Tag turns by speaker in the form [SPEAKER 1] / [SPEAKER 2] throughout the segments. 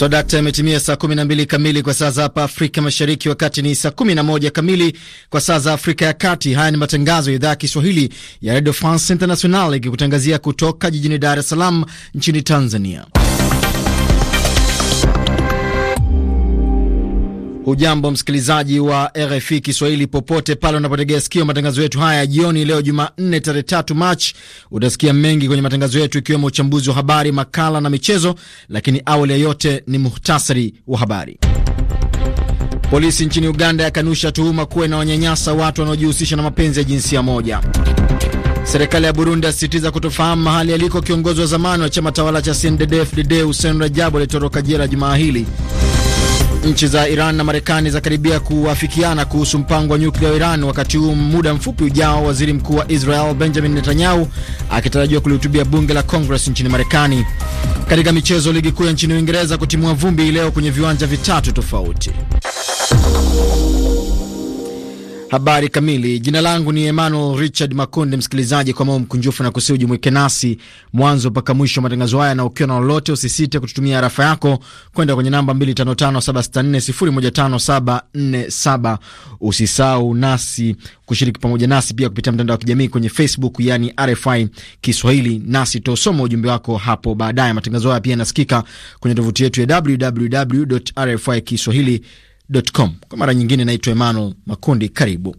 [SPEAKER 1] So dakta, imetimia saa 12 kamili kwa saa za hapa Afrika Mashariki, wakati ni saa 11 kamili kwa saa za Afrika ya Kati. Haya ni matangazo ya idhaa ya Kiswahili ya Radio France International ikikutangazia kutoka jijini Dar es Salaam nchini Tanzania. ujambo msikilizaji wa RFI Kiswahili popote pale unapotegea sikio matangazo yetu haya jioni leo Jumanne tarehe tatu Machi. Utasikia mengi kwenye matangazo yetu ikiwemo uchambuzi wa habari, makala na michezo, lakini awali ya yote ni muhtasari wa habari. Polisi nchini Uganda yakanusha tuhuma kuwa inawanyanyasa watu wanaojihusisha na mapenzi ya jinsia moja. Serikali ya Burundi asisitiza kutofahamu mahali aliko kiongozi wa zamani wa chama tawala cha CNDD-FDD Hussein Rajabu aliyetoroka jela jumaa hili. Nchi za Iran na Marekani zakaribia kuafikiana kuhusu mpango wa nyuklia wa Iran, wakati huu muda mfupi ujao waziri mkuu wa Israel Benjamin Netanyahu akitarajiwa kulihutubia bunge la Congress nchini Marekani. Katika michezo, ligi kuu ya nchini Uingereza kutimua vumbi leo kwenye viwanja vitatu tofauti. Habari kamili. Jina langu ni Emmanuel Richard Makunde. Msikilizaji, kwa moyo mkunjufu na kusihi ujumuike nasi mwanzo mpaka mwisho wa matangazo haya, na ukiwa na lolote usisite kututumia harafa yako kwenda kwenye namba 255764015747. Usisahau nasi kushiriki pamoja nasi pia kupitia mtandao wa kijamii kwenye Facebook, yani RFI Kiswahili, nasi tosoma ujumbe wako hapo baadaye. Matangazo haya pia yanasikika kwenye tovuti yetu ya kiswahili com. Kwa mara nyingine, naitwa Emmanuel Makundi. Karibu.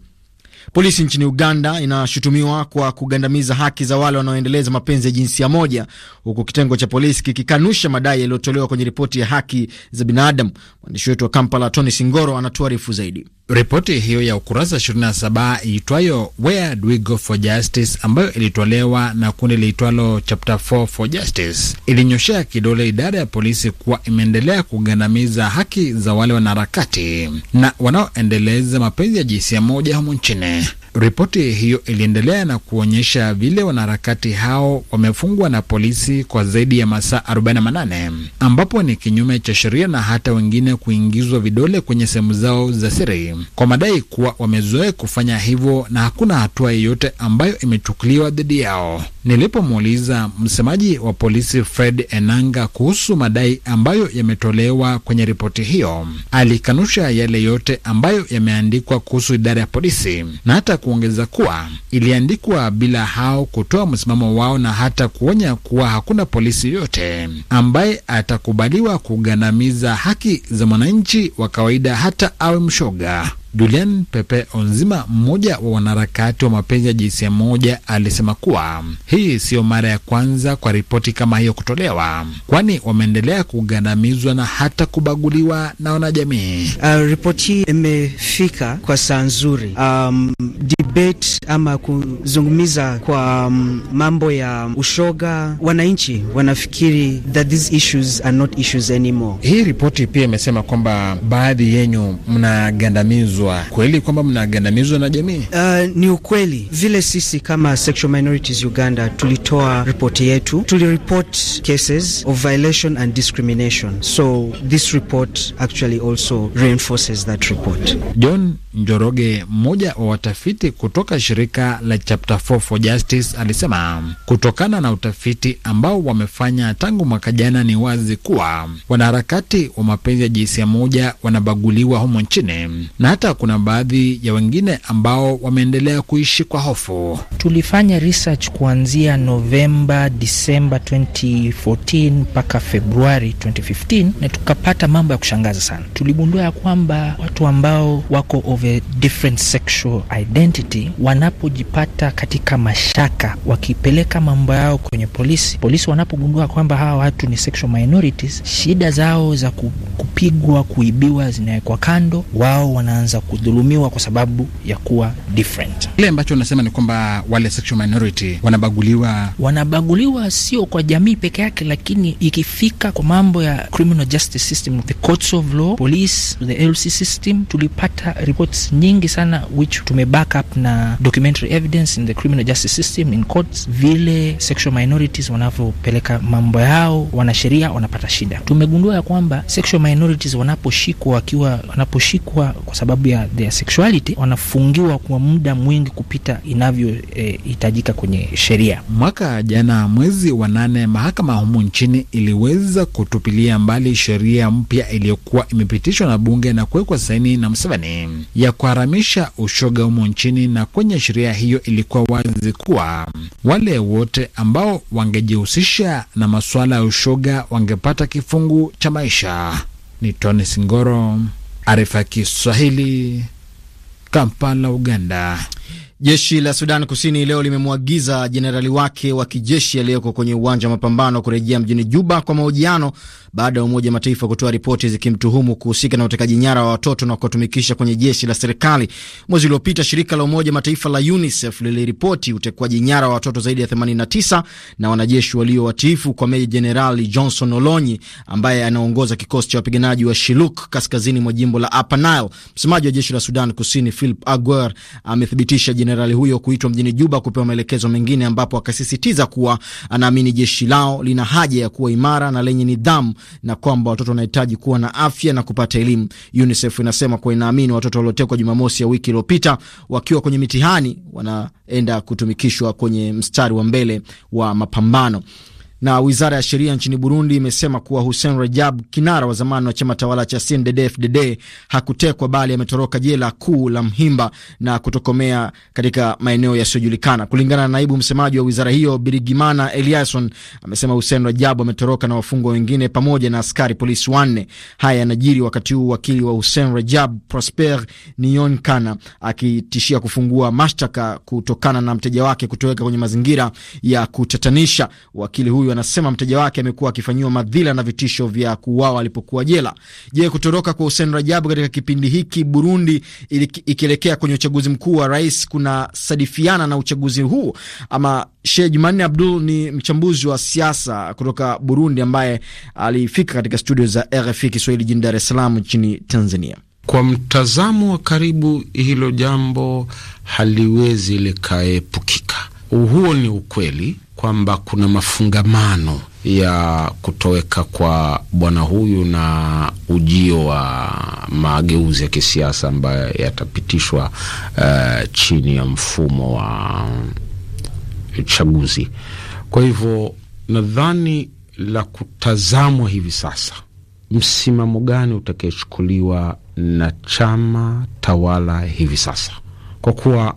[SPEAKER 1] Polisi nchini Uganda inashutumiwa kwa kugandamiza haki za wale wanaoendeleza mapenzi ya jinsia moja, huku kitengo cha polisi kikikanusha madai yaliyotolewa kwenye ripoti ya haki
[SPEAKER 2] za binadamu. Mwandishi wetu wa Kampala, Tony Singoro, anatuarifu zaidi. Ripoti hiyo ya ukurasa 27 iitwayo Where Do We Go for Justice, ambayo ilitolewa na kundi liitwalo Chapter 4 for Justice, ilinyoshea kidole idara ya polisi kuwa imeendelea kugandamiza haki za wale wanaharakati na wanaoendeleza mapenzi ya jinsia moja humu nchini. Ripoti hiyo iliendelea na kuonyesha vile wanaharakati hao wamefungwa na polisi kwa zaidi ya masaa 48 ambapo ni kinyume cha sheria na hata wengine kuingizwa vidole kwenye sehemu zao za siri kwa madai kuwa wamezoea kufanya hivyo na hakuna hatua yoyote ambayo imechukuliwa dhidi yao. Nilipomuuliza msemaji wa polisi Fred Enanga kuhusu madai ambayo yametolewa kwenye ripoti hiyo, alikanusha yale yote ambayo yameandikwa kuhusu idara ya polisi na hata kuongeza kuwa iliandikwa bila hao kutoa msimamo wao na hata kuonya kuwa hakuna polisi yoyote ambaye atakubaliwa kugandamiza haki za mwananchi wa kawaida hata awe mshoga. Julian Pepe Onzima, mmoja wa wanaharakati wa mapenzi ya jinsia moja, alisema kuwa hii siyo mara ya kwanza kwa ripoti kama hiyo kutolewa, kwani wameendelea kugandamizwa na hata kubaguliwa na wanajamii. Uh, ripoti hii imefika kwa saa nzuri.
[SPEAKER 3] Um, debate ama kuzungumiza kwa um, mambo ya
[SPEAKER 2] ushoga, wananchi wanafikiri that these issues are not issues anymore. Hii ripoti pia imesema kwamba baadhi yenyu mnagandamizwa mnagandamizwa kweli, kwamba mnagandamizwa na jamii? Uh, ni ukweli vile sisi kama Sexual Minorities Uganda tulitoa
[SPEAKER 3] ripoti yetu, tuliripot cases of violation and discrimination, so
[SPEAKER 2] this report actually also reinforces that report. John Njoroge, mmoja wa watafiti kutoka shirika la Chapter 4 for Justice, alisema kutokana na utafiti ambao wamefanya tangu mwaka jana, ni wazi kuwa wanaharakati wa mapenzi ya jinsia moja wanabaguliwa humo nchini, na hata kuna baadhi ya wengine
[SPEAKER 4] ambao wameendelea kuishi kwa hofu. Tulifanya research kuanzia Novemba, Disemba 2014 mpaka Februari 2015 na tukapata mambo ya kushangaza sana. Tuligundua ya kwamba watu ambao wako of a different sexual identity wanapojipata katika mashaka, wakipeleka mambo yao kwenye polisi, polisi wanapogundua kwamba hawa watu ni sexual minorities, shida zao za kupigwa, kuibiwa zinawekwa kando, wao wanaanza kudhulumiwa kwa sababu ya kuwa different. Kile ambacho unasema ni kwamba wale sexual minority wanabaguliwa, wanabaguliwa sio kwa jamii peke yake, lakini ikifika kwa mambo ya criminal justice system, the courts of law, police, the LC system, tulipata ripoti courts nyingi sana which tume back up na documentary evidence in the criminal justice system in courts, vile sexual minorities wanavyopeleka mambo yao, wanasheria wanapata shida. Tumegundua ya kwamba sexual minorities wanaposhikwa wakiwa wanaposhikwa kwa sababu ya their sexuality wanafungiwa kwa muda mwingi kupita inavyohitajika eh, kwenye sheria. Mwaka
[SPEAKER 2] jana mwezi wa nane, mahakama humu nchini iliweza kutupilia mbali sheria mpya iliyokuwa imepitishwa na bunge na kuwekwa saini na Museveni ya kuharamisha ushoga humo nchini, na kwenye sheria hiyo ilikuwa wazi kuwa wale wote ambao wangejihusisha na masuala ya ushoga wangepata kifungu cha maisha. Ni Tony Singoro, Arifa Kiswahili, Kampala, Uganda. Jeshi la Sudan Kusini leo limemwagiza jenerali wake wa
[SPEAKER 1] kijeshi aliyeko kwenye uwanja wa mapambano kurejea mjini Juba kwa mahojiano baada ya Umoja wa Mataifa kutoa ripoti zikimtuhumu kuhusika na utekaji nyara wa watoto na kuwatumikisha kwenye jeshi la serikali. Mwezi uliopita shirika la Umoja wa Mataifa la UNICEF liliripoti utekwaji nyara wa watoto zaidi ya 89 na wanajeshi walio watiifu kwa meja jenerali Johnson Olonyi ambaye anaongoza kikosi cha wapiganaji wa Shiluk kaskazini mwa jimbo la Upper Nile. Msemaji wa jeshi la Sudan Kusini Philip Aguer amethibitisha jenerali huyo kuitwa mjini Juba kupewa maelekezo mengine, ambapo akasisitiza kuwa anaamini jeshi lao lina haja ya kuwa imara na lenye nidhamu na kwamba watoto wanahitaji kuwa na afya na kupata elimu. UNICEF inasema kuwa inaamini watoto waliotekwa Jumamosi ya wiki iliyopita wakiwa kwenye mitihani wanaenda kutumikishwa kwenye mstari wa mbele wa mapambano. Na wizara ya sheria nchini Burundi imesema kuwa Hussein Rajab, kinara wa zamani wa chama tawala cha CNDD-FDD, hakutekwa bali ametoroka jela kuu la Mhimba na kutokomea katika maeneo yasiyojulikana. Kulingana na naibu msemaji wa wizara hiyo Birigimana eliason amesema Hussein Rajab ametoroka na wafungwa wengine pamoja na askari polisi wanne. Haya yanajiri wakati huu wakili wa Hussein Rajab Prosper nionkana akitishia kufungua mashtaka kutokana na mteja wake kutoweka kwenye mazingira ya kutatanisha. Wakili huyu anasema mteja wake amekuwa akifanyiwa madhila na vitisho vya kuuawa alipokuwa jela. Je, kutoroka kwa Hussein Rajabu katika kipindi hiki Burundi ikielekea kwenye uchaguzi mkuu wa rais kuna sadifiana na uchaguzi huu ama? Sheikh Jumanne Abdul ni mchambuzi wa siasa kutoka Burundi ambaye alifika katika studio za RFI Kiswahili jijini Dar es Salaam nchini Tanzania.
[SPEAKER 5] Kwa mtazamo wa karibu, hilo jambo haliwezi likaepukika. Huo ni ukweli kwamba kuna mafungamano ya kutoweka kwa bwana huyu na ujio wa mageuzi ya kisiasa ambayo yatapitishwa uh, chini ya mfumo wa uchaguzi. Kwa hivyo nadhani la kutazamwa hivi sasa msimamo gani utakayechukuliwa na chama tawala hivi sasa, kwa kuwa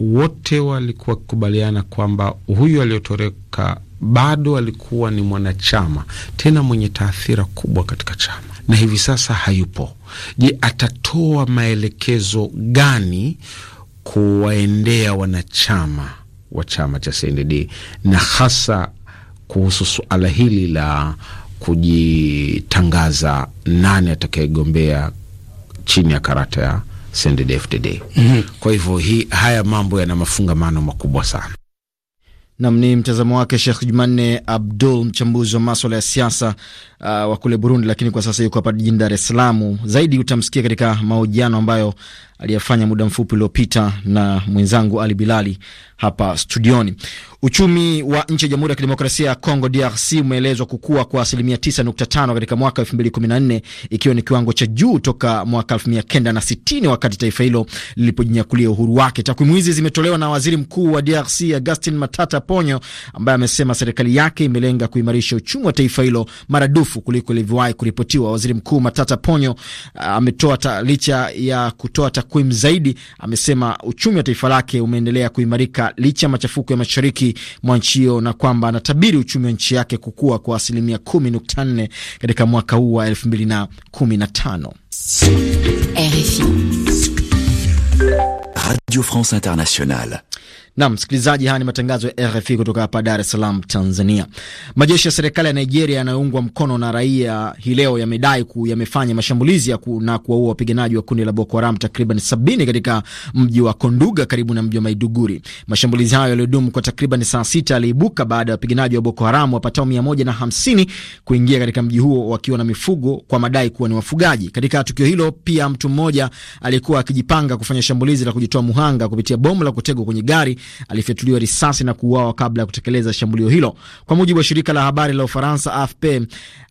[SPEAKER 5] wote walikuwa wakikubaliana kwamba huyu aliyotoroka bado alikuwa ni mwanachama tena mwenye taathira kubwa katika chama na hivi sasa hayupo. Je, atatoa maelekezo gani kuwaendea wanachama wa chama cha CNDD na hasa kuhusu suala hili la kujitangaza nani atakayegombea chini ya karata ya CNDD-FDD. Mm -hmm. Kwa hivyo hii, haya mambo yana mafungamano makubwa sana.
[SPEAKER 1] Nam ni mtazamo wake Shekh Jumanne Abdul, mchambuzi wa maswala ya siasa uh, wa kule Burundi, lakini kwa sasa yuko hapa jijini Dar es Salaam. Zaidi utamsikia katika mahojiano ambayo aliyefanya muda mfupi uliopita na mwenzangu Ali Bilali hapa studioni. Uchumi wa nchi ya Jamhuri ya Kidemokrasia ya Kongo DRC umeelezwa kukua kwa asilimia 9.5 katika mwaka 2014 ikiwa ni kiwango cha juu toka mwaka 1960 wakati taifa hilo lilipojinyakulia uhuru wake. Takwimu hizi zimetolewa na waziri mkuu wa DRC Augustin Matata Ponyo ambaye amesema serikali yake imelenga kuimarisha uchumi wa taifa hilo maradufu kuliko ilivyowahi kuripotiwa. Waziri Mkuu Matata Ponyo uh, ametoa licha ya kutoa takwimu zaidi, amesema uchumi wa taifa lake umeendelea kuimarika licha ya machafuko ya mashariki mwa nchi hiyo, na kwamba anatabiri uchumi wa nchi yake kukua kwa asilimia 10.4 katika mwaka huu wa 2015. Radio France Internationale na msikilizaji, haya ni matangazo ya RFI kutoka hapa Dar es Salaam, Tanzania. Majeshi ya serikali ya Nigeria yanayoungwa mkono na raia hii leo yamedai yamefanya mashambulizi ya ku, na kuwaua wapiganaji wa kundi la Boko Haram takriban sabini katika mji wa Konduga karibu na mji wa Maiduguri. Mashambulizi hayo yaliyodumu kwa takriban saa sita yaliibuka baada ya wapiganaji wa Boko Haram wapatao mia moja na hamsini kuingia katika mji huo wakiwa na mifugo kwa madai kuwa ni wafugaji. Katika tukio hilo pia mtu mmoja alikuwa akijipanga kufanya shambulizi la kujitoa muhanga kupitia bomu la kutegwa kwenye gari alifyatuliwa risasi na kuuawa kabla ya kutekeleza shambulio hilo, kwa mujibu wa shirika la habari la Ufaransa AFP.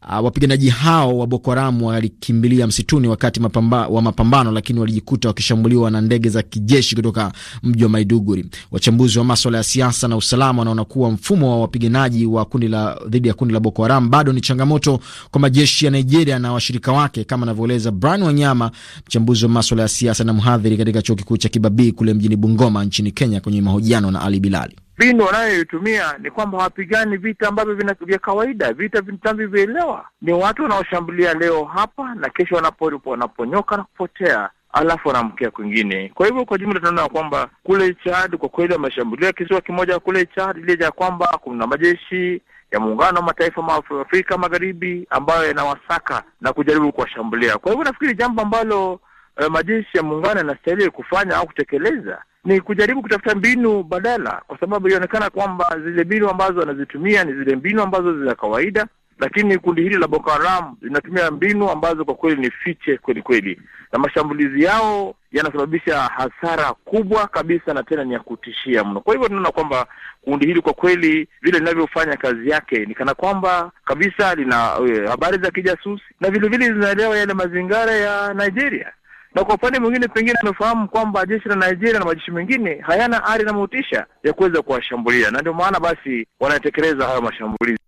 [SPEAKER 1] Uh, wapiganaji hao wa Boko Haram walikimbilia msituni wakati mapamba, wa mapambano, lakini walijikuta wakishambuliwa na ndege za kijeshi kutoka mji wa Maiduguri. Wachambuzi wa maswala ya siasa na usalama wanaona kuwa mfumo wa wapiganaji wa kundi la dhidi ya kundi la Boko Haram bado ni changamoto kwa majeshi ya Nigeria na washirika wake, kama anavyoeleza Brian Wanyama, mchambuzi wa maswala ya siasa na mhadhiri katika chuo kikuu cha Kibabii kule mjini Bungoma nchini Kenya, kwenye mahojiano mahojiano na Ali Bilali.
[SPEAKER 6] Mbinu wanayoitumia ni kwamba hawapigani vita ambavyo vya kawaida, vita vinavyovielewa. Ni watu wanaoshambulia leo hapa na kesho wanapori, wanaponyoka na kupotea alafu wanamkia kwingine. Kwa hivyo kwa jumla tunaona kwamba kule Chad kwa kweli wameshambulia kisiwa kimoja kule Chad ilija kwamba kuna majeshi ya muungano wa mataifa ma Afrika Magharibi ambayo yanawasaka na kujaribu kuwashambulia. Kwa hivyo nafikiri jambo ambalo eh, majeshi ya muungano yanastahili kufanya au kutekeleza ni kujaribu kutafuta mbinu badala, kwa sababu ilionekana kwamba zile mbinu ambazo wanazitumia ni zile mbinu ambazo zina kawaida, lakini kundi hili la Boko Haram linatumia mbinu ambazo kwa kweli ni fiche kweli kweli, na mashambulizi yao yanasababisha hasara kubwa kabisa, na tena ni ya kutishia mno. Kwa hivyo tunaona kwamba kundi hili kwa kweli, vile linavyofanya kazi yake, ni kana kwamba kabisa lina uh, habari za kijasusi na vilevile linaelewa yale mazingara ya Nigeria na kwa upande mwingine pengine amefahamu kwamba jeshi la Nigeria na majeshi mengine hayana ari na motisha ya kuweza kuwashambulia, na ndio maana basi wanatekeleza hayo mashambulizi.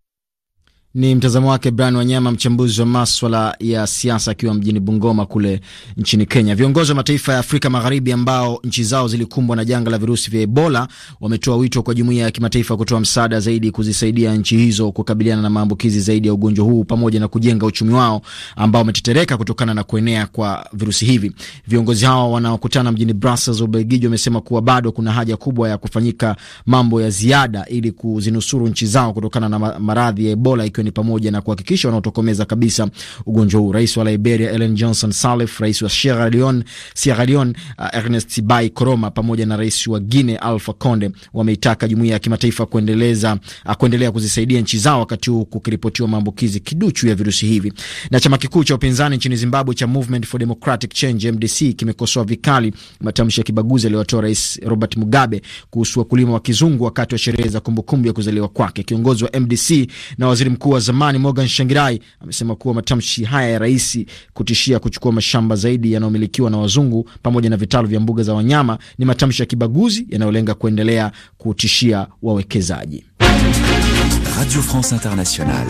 [SPEAKER 1] Ni mtazamo wake Brian Wanyama, mchambuzi wa maswala ya siasa, akiwa mjini Bungoma kule nchini Kenya. Viongozi wa mataifa ya Afrika Magharibi ambao nchi zao zilikumbwa na janga la virusi vya Ebola wametoa wito kwa jumuiya ya kimataifa kutoa msaada zaidi kuzisaidia nchi hizo kukabiliana na maambukizi zaidi ya ugonjwa huu pamoja na kujenga uchumi wao ambao umetetereka kutokana na kuenea kwa virusi hivi. Viongozi hao wanaokutana mjini Brussels, Ubelgiji, wamesema kuwa bado kuna haja kubwa ya kufanyika mambo ya ziada ili kuzinusuru nchi zao kutokana na maradhi ya Ebola ikiwa ni pamoja na kuhakikisha wanaotokomeza kabisa ugonjwa huu. Rais wa Liberia Ellen Johnson Sirleaf, rais wa Sierra Leone, Sierra Leone uh, Ernest Bai Koroma pamoja na rais wa Guinea Alpha Conde wameitaka jumuiya ya kimataifa kuendeleza uh, kuendelea kuzisaidia nchi zao wakati huu kukiripotiwa maambukizi kiduchu ya virusi hivi. Na chama kikuu cha upinzani nchini Zimbabwe cha Movement for Democratic Change MDC kimekosoa vikali matamshi ya kibaguzi aliyotoa Rais Robert Mugabe kuhusu wakulima wa kizungu wakati wa sherehe za kumbukumbu ya kuzaliwa kwake. Kiongozi wa MDC na waziri mkuu wa zamani Morgan Shangirai amesema kuwa matamshi haya ya rais kutishia kuchukua mashamba zaidi yanayomilikiwa na wazungu pamoja na vitalu vya mbuga za wanyama ni matamshi ya kibaguzi yanayolenga kuendelea kutishia wawekezaji.
[SPEAKER 7] Radio France Internationale.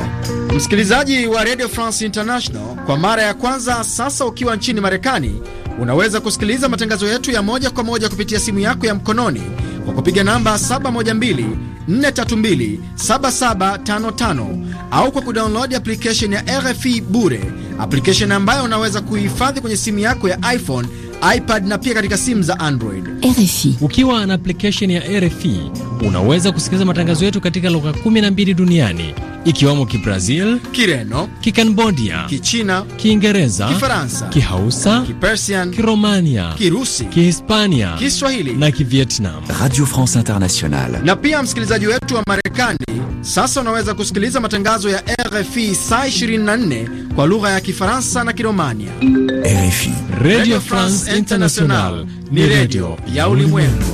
[SPEAKER 1] Msikilizaji wa Radio France International, kwa mara ya kwanza sasa ukiwa nchini Marekani unaweza kusikiliza matangazo yetu ya moja kwa moja kupitia simu yako ya mkononi kwa kupiga namba 712-432-7755 au kwa kudownload application ya RFI bure, application ambayo unaweza kuhifadhi kwenye simu yako ya iPhone iPad na pia katika simu za Android.
[SPEAKER 3] RFI. Ukiwa na application ya RFI unaweza kusikiliza matangazo yetu katika lugha 12 duniani ikiwemo Kibrazil, Kireno, Kikambodia, Kichina, Kiingereza, Kifaransa, Kihausa, Kipersian, Kiromania, Kirusi, Kihispania, Kiswahili
[SPEAKER 2] na Kivietnam. Radio France Internationale.
[SPEAKER 1] Na pia msikilizaji wetu wa Marekani sasa unaweza kusikiliza matangazo ya RFI saa 24 kwa lugha ya Kifaransa na Kiromania. RFI. Radio France international ni radio ya
[SPEAKER 7] ulimwengu.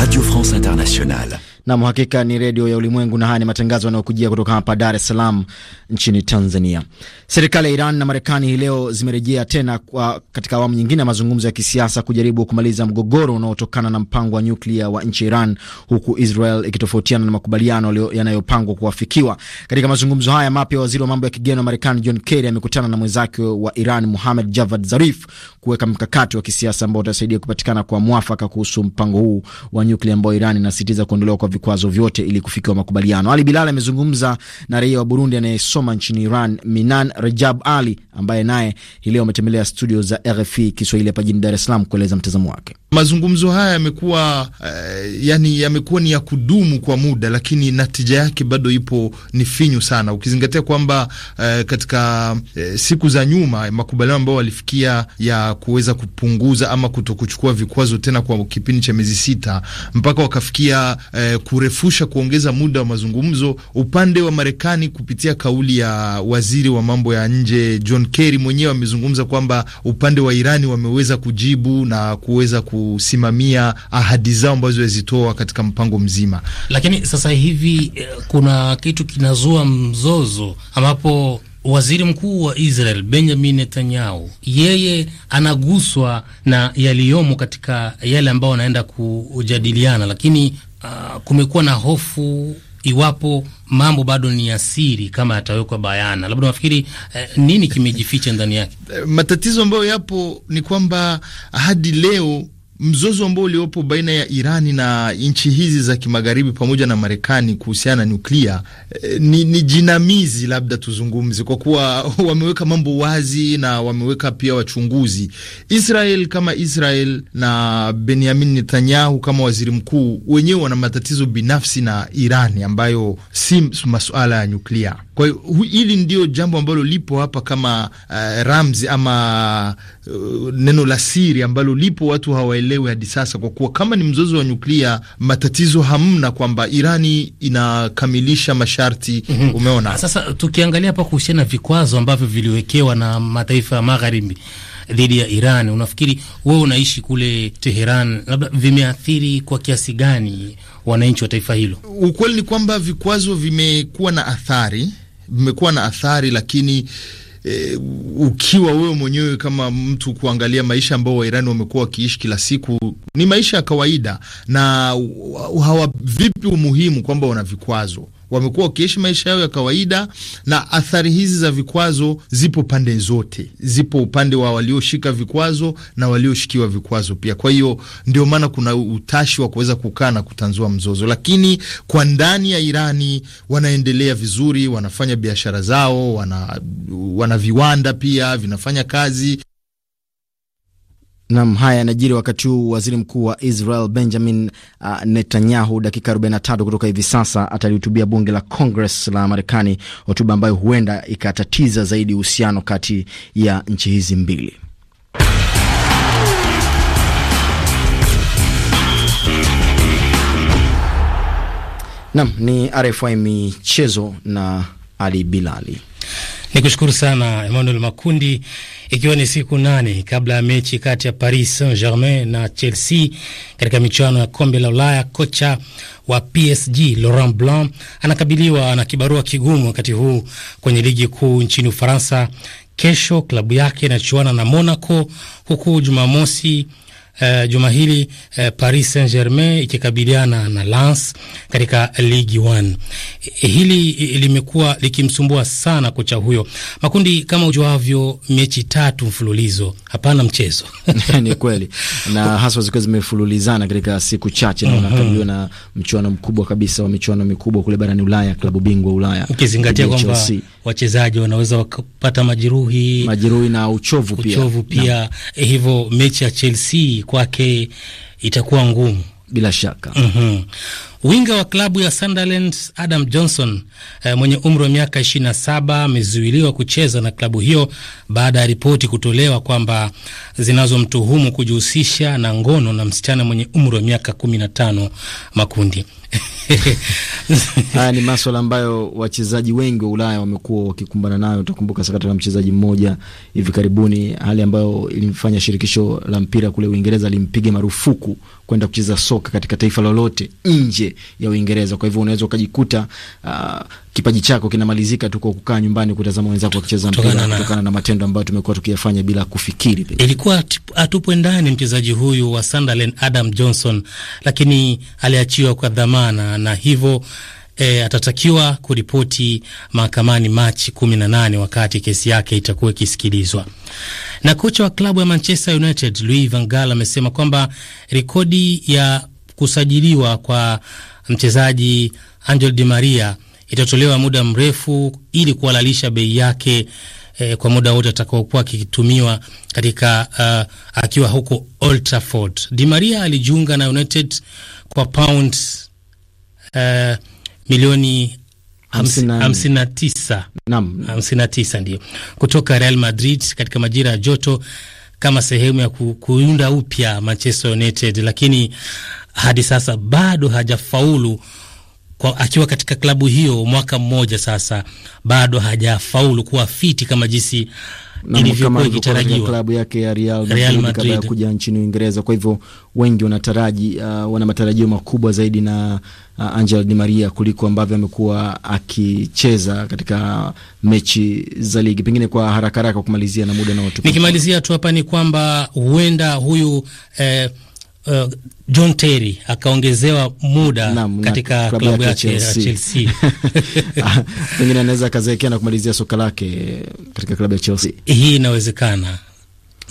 [SPEAKER 7] Radio France International.
[SPEAKER 1] Nam, hakika ni redio ya ulimwengu na haya ni matangazo yanayokujia kutoka hapa Dar es Salaam nchini Tanzania. Serikali ya Iran na Marekani hii leo zimerejea tena kwa katika awamu nyingine ya mazungumzo ya kisiasa kujaribu kumaliza mgogoro unaotokana na mpango wa nyuklia wa nchi Iran, huku Israel ikitofautiana na makubaliano yanayopangwa kuwafikiwa. Katika mazungumzo haya mapya, waziri wa mambo ya kigeni wa Marekani John Kerry amekutana na mwenzake wa Iran Muhamed Javad Zarif kuweka mkakati wa kisiasa ambao utasaidia kupatikana kwa mwafaka kuhusu mpango huu wa nyuklia ambao Iran inasitiza kuondolewa kwa vikwazo vyote ili kufikiwa makubaliano. Ali Bilal amezungumza na raia wa Burundi anayesoma nchini Iran, Minan Rajab Ali, ambaye naye hii leo ametembelea studio za RFI Kiswahili hapa jijini Dar es Salaam kueleza mtazamo wake.
[SPEAKER 8] Mazungumzo haya yamekuwa uh, yani yamekuwa ni ya kudumu kwa muda, lakini natija yake bado ipo ni finyu sana, ukizingatia kwamba uh, katika uh, siku za nyuma makubaliano ambayo walifikia ya kuweza kupunguza ama kutokuchukua vikwazo tena kwa kipindi cha miezi sita mpaka wakafikia uh, kurefusha kuongeza muda wa mazungumzo upande wa Marekani kupitia kauli ya waziri wa mambo ya nje John Kerry mwenyewe amezungumza kwamba upande wa Irani wameweza kujibu na kuweza kusimamia ahadi zao ambazo wazitoa katika mpango mzima. Lakini
[SPEAKER 9] sasa hivi eh, kuna kitu kinazua mzozo ambapo Waziri Mkuu wa Israel Benjamin Netanyahu yeye anaguswa na yaliyomo katika yale ambayo anaenda kujadiliana, lakini uh, kumekuwa na hofu iwapo mambo bado ni ya siri kama yatawekwa bayana, labda nafikiri eh, nini kimejificha ndani yake.
[SPEAKER 8] Eh, matatizo ambayo yapo ni kwamba hadi leo mzozo ambao uliopo baina ya Irani na nchi hizi za kimagharibi pamoja na Marekani kuhusiana na nuklia eh, ni, ni jinamizi labda tuzungumze, kwa kuwa wameweka mambo wazi na wameweka pia wachunguzi. Israel kama Israel na Benyamin Netanyahu kama waziri mkuu, wenyewe wana matatizo binafsi na Irani ambayo si masuala ya nyuklia. Kwa hiyo hili ndio jambo ambalo lipo hapa kama uh, ramzi ama uh, neno la siri ambalo lipo watu hawaelewi hadi sasa, kwa kuwa kama ni mzozo wa nyuklia, matatizo hamna kwamba Irani inakamilisha
[SPEAKER 9] masharti mm -hmm. Umeona sasa, tukiangalia hapa kuhusiana na vikwazo ambavyo viliwekewa na mataifa ya magharibi dhidi ya Iran, unafikiri wewe unaishi kule Teheran, labda vimeathiri kwa kiasi gani wananchi wa taifa hilo?
[SPEAKER 8] Ukweli ni kwamba vikwazo vimekuwa na athari mmekuwa na athari, lakini E, ukiwa wewe mwenyewe kama mtu kuangalia maisha ambao Wairani wamekuwa wakiishi kila siku ni maisha ya kawaida, na hawa vipi umuhimu kwamba wana vikwazo wamekuwa wakiishi maisha yao ya kawaida, na athari hizi za vikwazo zipo pande zote, zipo upande wa walioshika vikwazo na walioshikiwa vikwazo pia. Kwa hiyo ndio maana kuna utashi wa kuweza kukaa na kutanzua mzozo, lakini kwa ndani ya Irani wanaendelea vizuri, wanafanya biashara zao, wana, wana viwanda pia vinafanya kazi.
[SPEAKER 1] Nam, haya yanajiri wakati huu waziri mkuu wa Israel Benjamin uh, Netanyahu dakika 43 kutoka hivi sasa atalihutubia bunge la Congress la Marekani, hotuba ambayo huenda ikatatiza zaidi uhusiano kati ya nchi hizi mbili. Nam, ni RFI michezo na Ali Bilali.
[SPEAKER 9] Ni kushukuru sana Emmanuel Makundi. Ikiwa ni siku nane kabla ya mechi kati ya Paris Saint Germain na Chelsea katika michuano ya kombe la Ulaya, kocha wa PSG Laurent Blanc anakabiliwa na kibarua kigumu wakati huu kwenye ligi kuu nchini Ufaransa. Kesho klabu yake inachuana na Monaco, huku Jumamosi uh, juma hili uh, Paris Saint-Germain ikikabiliana na Lens katika Ligi 1. Eh, hili limekuwa likimsumbua sana kocha huyo. Makundi kama ujuavyo, mechi tatu mfululizo, hapana mchezo
[SPEAKER 1] ni kweli, na hasa zikiwa zimefululizana katika siku chache na mhm. wanakabiliwa na mchuano mkubwa kabisa wa michuano mikubwa kule barani Ulaya, klabu bingwa Ulaya, ukizingatia kwamba
[SPEAKER 9] wachezaji wanaweza wakapata majeruhi majeruhi
[SPEAKER 1] na uchovu pia, uchovu pia.
[SPEAKER 9] Hivyo mechi ya Chelsea kwake itakuwa ngumu bila shaka. mm -hmm. Winga wa klabu ya Sunderland Adam Johnson eh, mwenye umri wa miaka 27 amezuiliwa kucheza na klabu hiyo baada ya ripoti kutolewa kwamba zinazomtuhumu kujihusisha na ngono na msichana mwenye umri wa miaka kumi na tano. Makundi haya ni maswala
[SPEAKER 1] ambayo wachezaji wengi wa Ulaya wamekuwa wakikumbana nayo. Utakumbuka sakata la mchezaji mmoja hivi karibuni, hali ambayo ilimfanya shirikisho la mpira kule Uingereza limpige marufuku kwenda kucheza soka katika taifa lolote nje ya Uingereza. Kwa hivyo unaweza ukajikuta uh, kipaji chako kinamalizika tu kwa kukaa nyumbani kutazama wenzako wakicheza mpira, kutokana na matendo ambayo tumekuwa tukiyafanya bila kufikiri. Ilikuwa
[SPEAKER 9] atupwe ndani mchezaji huyu wa Sunderland Adam Johnson, lakini aliachiwa kwa dhamana na hivyo E, atatakiwa kuripoti mahakamani Machi 18 wakati kesi yake itakuwa ikisikilizwa. Na kocha wa klabu ya Manchester United Louis van Gaal amesema kwamba rekodi ya kusajiliwa kwa mchezaji Angel Di Maria itatolewa muda mrefu ili kuhalalisha bei yake eh, kwa muda wote atakaokuwa akitumiwa katika uh, akiwa huko Old Trafford. Di Maria alijiunga na United kwa pound uh, eh, milioni 59 59 ndio kutoka Real Madrid katika majira ya joto kama sehemu ya ku, kuunda upya Manchester United, lakini hadi sasa bado hajafaulu kwa akiwa katika klabu hiyo mwaka mmoja sasa, bado hajafaulu kuwa fiti kama jinsi ilivyokuwa ikitarajiwa klabu
[SPEAKER 1] yake ya Real Madrid ya kuja nchini Uingereza. Kwa hivyo wengi wanataraji uh, wana matarajio makubwa zaidi na uh, Angel Di Maria kuliko ambavyo amekuwa akicheza katika mechi za ligi. Pengine kwa haraka haraka kumalizia na muda na watu, nikimalizia
[SPEAKER 9] tu hapa ni kwamba huenda huyu eh, Uh, John Terry akaongezewa muda na, na, katika klabu yake ya Chelsea.
[SPEAKER 1] Pengine anaweza akazeekea na kumalizia soka lake katika klabu ya Chelsea.
[SPEAKER 9] Hii inawezekana.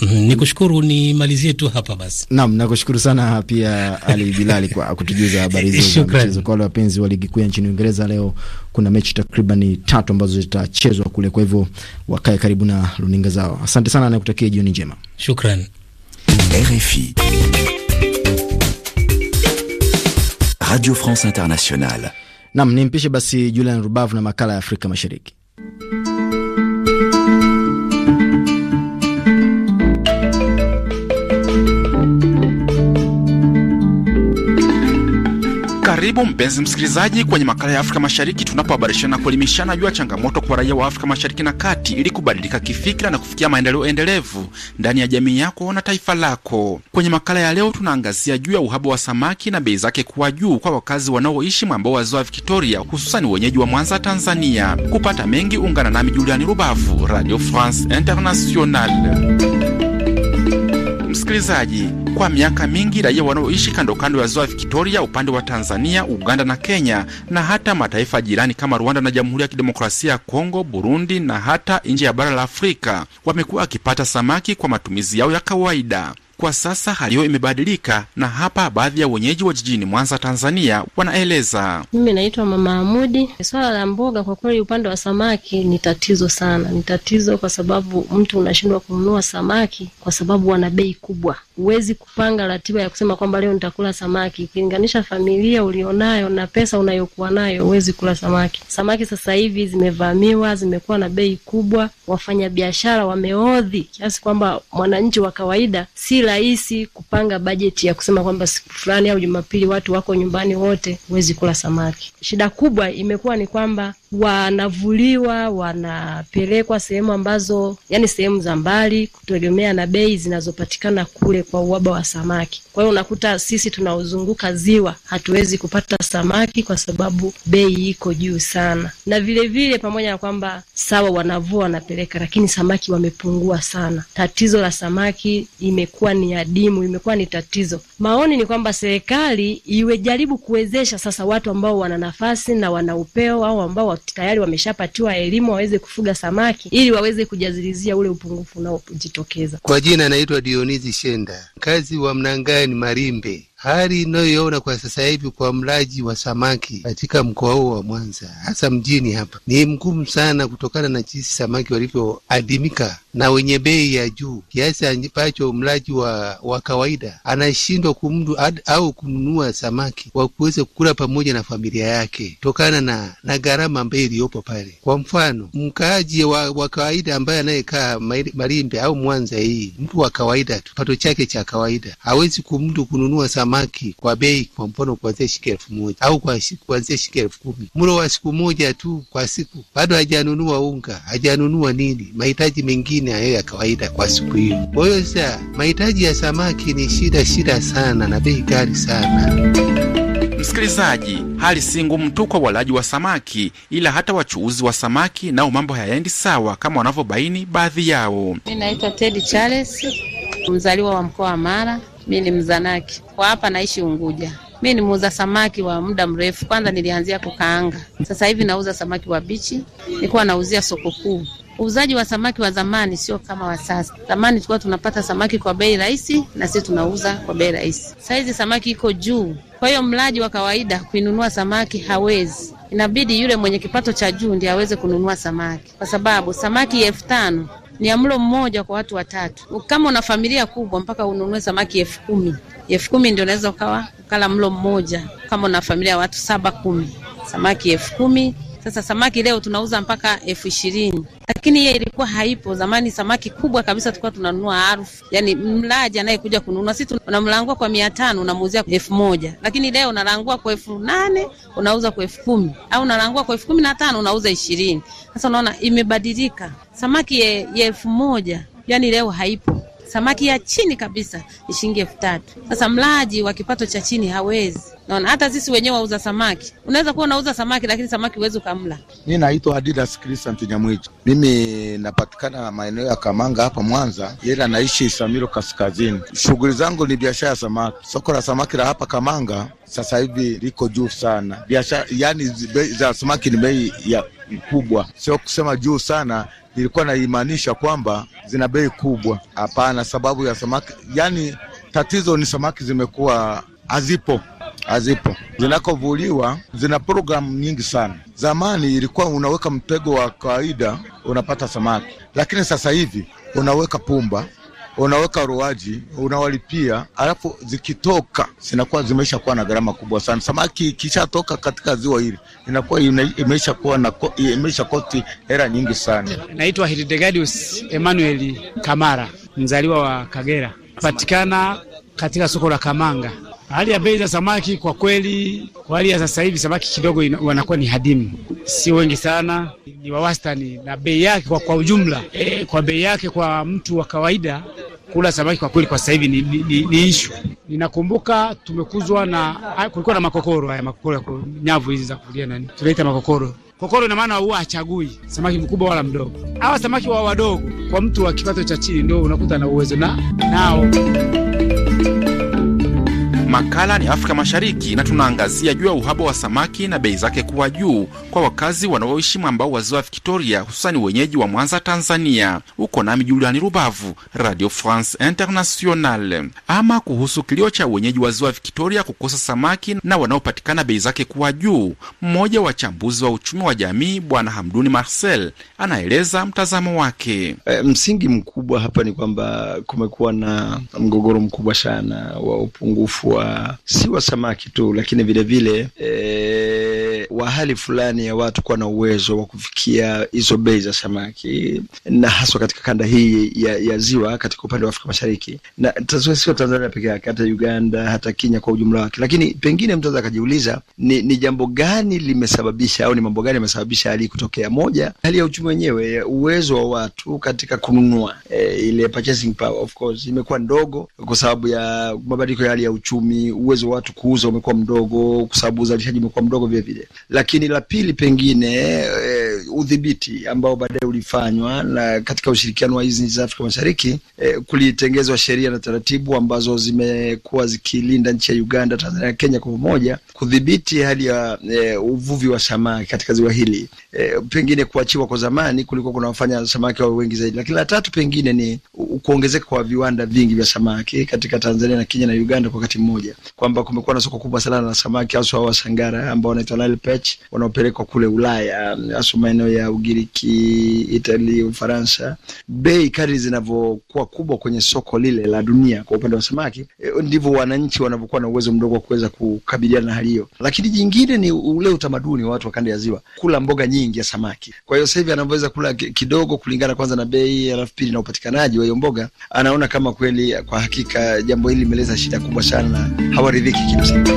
[SPEAKER 9] Mm, Ni kushukuru nimalizie tu hapa basi.
[SPEAKER 1] Naam, nakushukuru sana pia Ali Bilali kwa kutujuza habari hizo za mchezo. Kwa wale wapenzi wa ligi kuu ya nchini Uingereza, leo kuna mechi takriban tatu ambazo zitachezwa kule, kwa hivyo wakae karibu na runinga zao. Asante sana na kutakia jioni njema. Shukran. RFI.
[SPEAKER 7] Radio France Internationale. Nam
[SPEAKER 1] ni mpishe basi Julian Rubavu na makala ya Afrika Mashariki.
[SPEAKER 7] Karibu mpenzi msikilizaji kwenye makala ya Afrika Mashariki tunapohabarishana na kuelimishana juu ya changamoto kwa raia wa Afrika Mashariki na Kati ili kubadilika kifikira na kufikia maendeleo endelevu ndani ya jamii yako na taifa lako. Kwenye makala ya leo tunaangazia juu ya uhaba wa samaki na bei zake kuwa juu kwa wakazi wanaoishi mwambao wa Ziwa Victoria, hususani wenyeji wa Mwanza, Tanzania. Kupata mengi, ungana nami Juliani Rubavu, Radio France international msikilizaji, kwa miaka mingi raia wanaoishi kando kando ya ziwa Victoria upande wa Tanzania, Uganda na Kenya na hata mataifa jirani kama Rwanda na Jamhuri ya Kidemokrasia ya Kongo, Burundi na hata nje ya bara la Afrika wamekuwa wakipata samaki kwa matumizi yao ya kawaida. Kwa sasa hali hiyo imebadilika, na hapa baadhi ya wenyeji wa jijini Mwanza, Tanzania, wanaeleza.
[SPEAKER 10] Mimi naitwa Mama Hamudi. Swala la mboga kwa kweli, upande wa samaki ni tatizo sana, ni tatizo kwa sababu mtu unashindwa kununua samaki kwa sababu wana bei kubwa. Huwezi kupanga ratiba ya kusema kwamba leo nitakula samaki. Ukilinganisha familia ulionayo na pesa unayokuwa nayo, huwezi kula samaki. Samaki sasa hivi zimevamiwa, zimekuwa na bei kubwa, wafanyabiashara wameodhi kiasi kwamba mwananchi wa kawaida sila rahisi kupanga bajeti ya kusema kwamba siku fulani au Jumapili watu wako nyumbani wote, huwezi kula samaki. Shida kubwa imekuwa ni kwamba wanavuliwa, wanapelekwa sehemu ambazo, yani sehemu za mbali, kutegemea na bei zinazopatikana kule kwa uhaba wa samaki. Kwa hiyo unakuta sisi tunaozunguka ziwa hatuwezi kupata samaki kwa sababu bei iko juu sana, na vilevile vile, pamoja na kwamba sawa wanavua wanapeleka, lakini samaki wamepungua sana. Tatizo la samaki imekuwa ni adimu, imekuwa ni tatizo. Maoni ni kwamba serikali iwe jaribu kuwezesha sasa watu ambao wana nafasi na wana upeo au ambao tayari wameshapatiwa elimu waweze kufuga samaki ili waweze kujazilizia ule upungufu unaojitokeza. Kwa
[SPEAKER 9] jina anaitwa Dionizi Shenda, mkazi wa Mnangani Marimbe. Hali inayoiona kwa sasa hivi kwa mlaji wa samaki katika mkoa huo wa Mwanza, hasa mjini hapa, ni mgumu sana kutokana na jinsi samaki walivyoadimika na wenye bei ya juu kiasi ambacho mlaji wa, wa kawaida anashindwa kumdu ad, au kununua samaki wa kuweza kukula pamoja na familia yake tokana na, na gharama ambayo iliyopo pale. Kwa mfano mkaaji wa, wa kawaida ambaye anayekaa Malimbe au Mwanza, hii mtu wa kawaida tu, pato chake cha kawaida hawezi kumdu kununua samaki kwa bei, kwa mfano kuanzia shilingi elfu moja au kuanzia shilingi elfu kumi mlo wa siku moja tu kwa siku, bado hajanunua unga, hajanunua nini mahitaji mengine mengine hayo ya kawaida kwa siku hiyo. Kwa hiyo sasa mahitaji ya samaki ni shida shida sana na bei ghali sana.
[SPEAKER 7] Msikilizaji, hali si ngumu tu kwa walaji wa samaki, ila hata wachuuzi wa samaki nao mambo hayaendi sawa kama wanavyobaini baadhi yao.
[SPEAKER 11] Mi naitwa Tedi Charles, mzaliwa wa mkoa wa Mara. Mi ni Mzanaki, kwa hapa naishi Unguja. Mi ni muuza samaki wa muda mrefu. Kwanza nilianzia kukaanga, sasa hivi nauza samaki wa bichi, nilikuwa nauzia soko kuu. Uuzaji wa samaki wa zamani sio kama wa sasa. Zamani tulikuwa tunapata samaki kwa bei rahisi, na sisi tunauza kwa bei rahisi. Saizi samaki iko juu, kwa hiyo mlaji wa kawaida kuinunua samaki hawezi. Inabidi yule mwenye kipato cha juu ndiye aweze kununua samaki, kwa sababu samaki elfu tano ni mlo mmoja kwa watu watatu. Kama una familia kubwa, mpaka ununue samaki elfu kumi elfu kumi ndio unaweza ukawa ukala mlo mmoja, kama una familia ya watu saba kumi, samaki elfu kumi sasa samaki leo tunauza mpaka elfu ishirini lakini hiyo ilikuwa haipo zamani. Samaki kubwa kabisa tulikuwa tunanunua arufu yani mlaji anayekuja kununua, si unamlangua kwa mia tano unamuuzia elfu moja lakini leo unalangua kwa elfu nane unauza kwa elfu kumi au unalangua kwa elfu kumi na tano unauza ishirini. Sasa unaona imebadilika, samaki ya elfu moja yani leo haipo samaki ya chini kabisa ni shilingi elfu tatu. Sasa mlaji wa kipato cha chini hawezi naona hata sisi wenyewe wauza samaki, unaweza kuwa unauza samaki lakini samaki huwezi ukamla.
[SPEAKER 12] Mi naitwa Adidas Christian Nyamwiji, mimi napatikana maeneo ya Kamanga hapa Mwanza, yeye anaishi Isamiro Kaskazini. Shughuli zangu ni biashara ya samaki. Soko la samaki la hapa Kamanga sasa hivi liko juu sana, biashara yani za samaki ni bei ya mkubwa, sio kusema juu sana. Ilikuwa naimaanisha kwamba zina bei kubwa. Hapana, sababu ya samaki, yani tatizo ni samaki zimekuwa hazipo hazipo zinakovuliwa, zina programu nyingi sana. Zamani ilikuwa unaweka mtego wa kawaida unapata samaki, lakini sasa hivi unaweka pumba unaweka ruaji, unawalipia, alafu zikitoka zinakuwa zimesha kuwa na gharama kubwa sana. Samaki ikishatoka katika ziwa hili inakuwa kuwa na imesha koti hela nyingi sana.
[SPEAKER 9] Naitwa Hildegardus Emmanuel Kamara, mzaliwa wa Kagera, patikana katika soko la Kamanga. Hali ya bei za samaki kwa kweli, kwa hali ya sasa hivi samaki kidogo ina, wanakuwa ni hadimu, si wengi sana, ni wa wastani, na bei yake kwa, kwa ujumla e, kwa bei yake kwa
[SPEAKER 3] mtu wa kawaida kula samaki kwa kweli kwa sasa hivi ni, ni, ni, ni ishu. Ninakumbuka
[SPEAKER 9] tumekuzwa na ah, kulikuwa na makokoro haya makokoro ya nyavu hizi za kulia nani tunaita makokoro kokoro, ina maana huwa achagui samaki mkubwa wala mdogo, hawa samaki wa wadogo kwa mtu wa kipato cha
[SPEAKER 7] chini ndio unakuta na uwezo na nao Makala ni Afrika Mashariki na tunaangazia juu ya uhaba wa samaki na bei zake kuwa juu kwa wakazi wanaoishi mwambao wa ziwa Victoria, hususani wenyeji wa Mwanza, Tanzania. Uko nami Juliani Rubavu, Radio France International. Ama kuhusu kilio cha wenyeji wa ziwa Victoria kukosa samaki na wanaopatikana bei zake kuwa juu, mmoja wa wachambuzi wa uchumi wa jamii Bwana Hamduni Marcel anaeleza mtazamo wake.
[SPEAKER 13] E, msingi mkubwa hapa ni kwamba kumekuwa na mgogoro mkubwa sana wa upungufu wa wa si wa samaki tu, lakini vilevile vile, e, wa hali fulani ya watu kuwa na uwezo wa kufikia hizo bei za samaki, na haswa katika kanda hii ya, ya ziwa katika upande wa Afrika Mashariki, na sio Tanzania peke yake, hata Uganda, hata Kenya kwa ujumla wake. Lakini pengine mtu anaweza akajiuliza ni, ni jambo gani limesababisha au ni mambo gani yamesababisha hali kutokea? Moja, hali ya uchumi wenyewe, uwezo wa watu katika kununua, e, ile purchasing power of course imekuwa ndogo kwa sababu ya mabadiliko ya hali ya uchumi. Uwezo wa watu kuuza umekuwa mdogo kwa sababu uzalishaji umekuwa mdogo vile vile. Lakini la pili pengine eh, udhibiti ambao baadaye ulifanywa na katika ushirikiano wa hizi nchi za Afrika Mashariki eh, kulitengezwa sheria na taratibu ambazo zimekuwa zikilinda nchi ya Uganda, Tanzania Kenya kwa pamoja kudhibiti hali ya eh, uvuvi wa samaki katika ziwa hili e, pengine kuachiwa kwa zamani kulikuwa kunawafanya samaki wawe wengi zaidi. Lakini la tatu pengine ni kuongezeka kwa viwanda vingi vya samaki katika Tanzania na Kenya na Uganda kwa wakati mmoja, kwamba kumekuwa na soko kubwa sana la samaki hasa wa sangara ambao wanaitwa Nile perch wanaopelekwa kule Ulaya, hasa maeneo ya Ugiriki, Italia, Ufaransa. Bei kadri zinavyokuwa kubwa kwenye soko lile la dunia kwa upande wa samaki, e, ndivyo wananchi wanavyokuwa na uwezo mdogo wa kuweza kukabiliana na hali hiyo. Lakini jingine ni ule utamaduni wa watu wa kanda ya ziwa kula mboga nyingi nyingi ya samaki. Kwa hiyo sasa hivi anavyoweza kula kidogo, kulingana kwanza na bei, halafu pili na upatikanaji wa hiyo mboga, anaona kama kweli kwa hakika jambo hili limeleza shida kubwa sana na hawaridhiki kimsingi.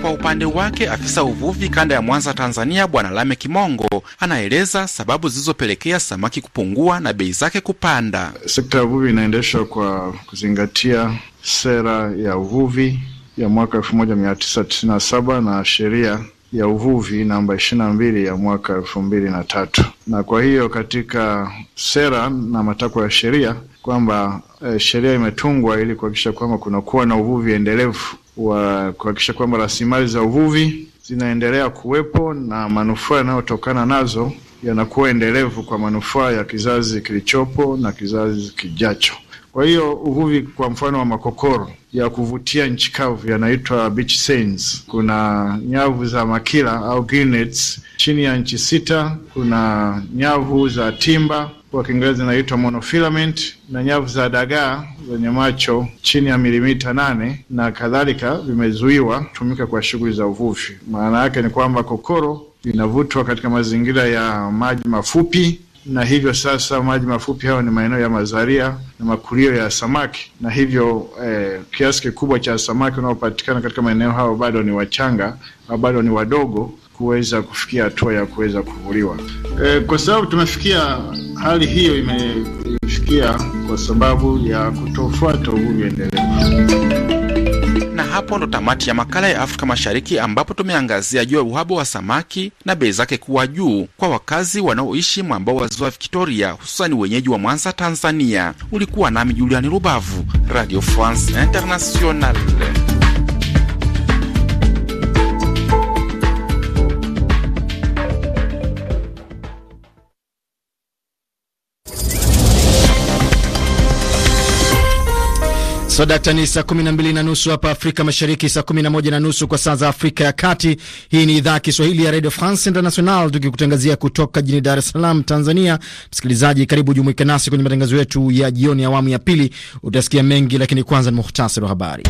[SPEAKER 13] Kwa upande wake afisa uvuvi kanda ya Mwanza, Tanzania, Bwana
[SPEAKER 7] Lame Kimongo anaeleza sababu zilizopelekea samaki kupungua na bei zake kupanda.
[SPEAKER 14] Sekta ya uvuvi inaendeshwa kwa kuzingatia sera ya uvuvi ya mwaka 1997 na sheria ya uvuvi namba ishirini na mbili ya mwaka elfu mbili na tatu na kwa hiyo katika sera na matakwa ya sheria kwamba e, sheria imetungwa ili kuhakikisha kwamba kunakuwa na uvuvi endelevu wa kuhakikisha kwamba rasilimali za uvuvi zinaendelea kuwepo na manufaa yanayotokana nazo yanakuwa endelevu kwa manufaa ya kizazi kilichopo na kizazi kijacho. Kwa hiyo uvuvi kwa mfano wa makokoro ya kuvutia nchi kavu yanaitwa beach sands. Kuna nyavu za makila au gillnets chini ya nchi sita. Kuna nyavu za timba kwa Kiingereza inaitwa monofilament na nyavu za dagaa zenye macho chini ya milimita nane na kadhalika, vimezuiwa kutumika kwa shughuli za uvuvi. Maana yake ni kwamba kokoro inavutwa katika mazingira ya maji mafupi na hivyo sasa maji mafupi hayo ni maeneo ya mazaria na makulio ya samaki, na hivyo eh, kiasi kikubwa cha samaki wanaopatikana katika maeneo hayo bado ni wachanga au bado ni wadogo kuweza kufikia hatua ya kuweza kuvuliwa. Eh, kwa sababu tumefikia hali hiyo imefikia kwa sababu ya kutofuata uvuvi endelevu
[SPEAKER 7] hapo ndo tamati ya makala ya Afrika Mashariki, ambapo tumeangazia juu ya uhaba wa samaki na bei zake kuwa juu kwa wakazi wanaoishi mwambao wa ziwa Victoria, hususani wenyeji wa Mwanza, Tanzania. Ulikuwa nami Juliani Rubavu, Radio France Internationale.
[SPEAKER 1] dakta ni saa 12 na nusu hapa Afrika Mashariki, saa 11 na nusu kwa saa za Afrika ya Kati. Hii ni idhaa ya Kiswahili ya Radio France International, tukikutangazia kutoka jijini Dar es Salaam, Tanzania. Msikilizaji, karibu jumuike nasi kwenye matangazo yetu ya jioni, awamu ya pili. Utasikia mengi, lakini kwanza ni muhtasari wa habari.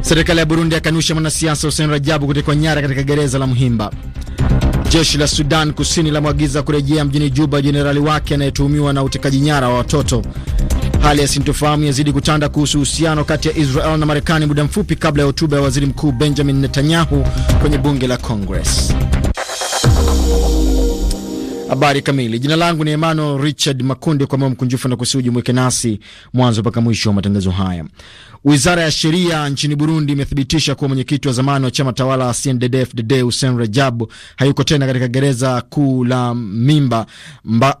[SPEAKER 1] Serikali ya Burundi akanusha mwanasiasa Hussein Rajabu kutekwa nyara katika gereza la Muhimba. Jeshi la Sudan Kusini lamwagiza kurejea mjini Juba jenerali wake anayetuhumiwa na utekaji nyara wa watoto Hali ya sintofahamu yazidi kutanda kuhusu uhusiano kati ya Israel na Marekani muda mfupi kabla ya hotuba ya waziri mkuu Benjamin Netanyahu kwenye bunge la Congress. Habari kamili. Jina langu ni Emmanuel Richard makunde kwa moyo mkunjufu na kusiujumuike nasi mwanzo mpaka mwisho wa matangazo haya. Wizara ya sheria nchini Burundi imethibitisha kuwa mwenyekiti wa zamani wa chama tawala CNDD-FDD Hussein hayuko tena katika gereza kuu la Mimba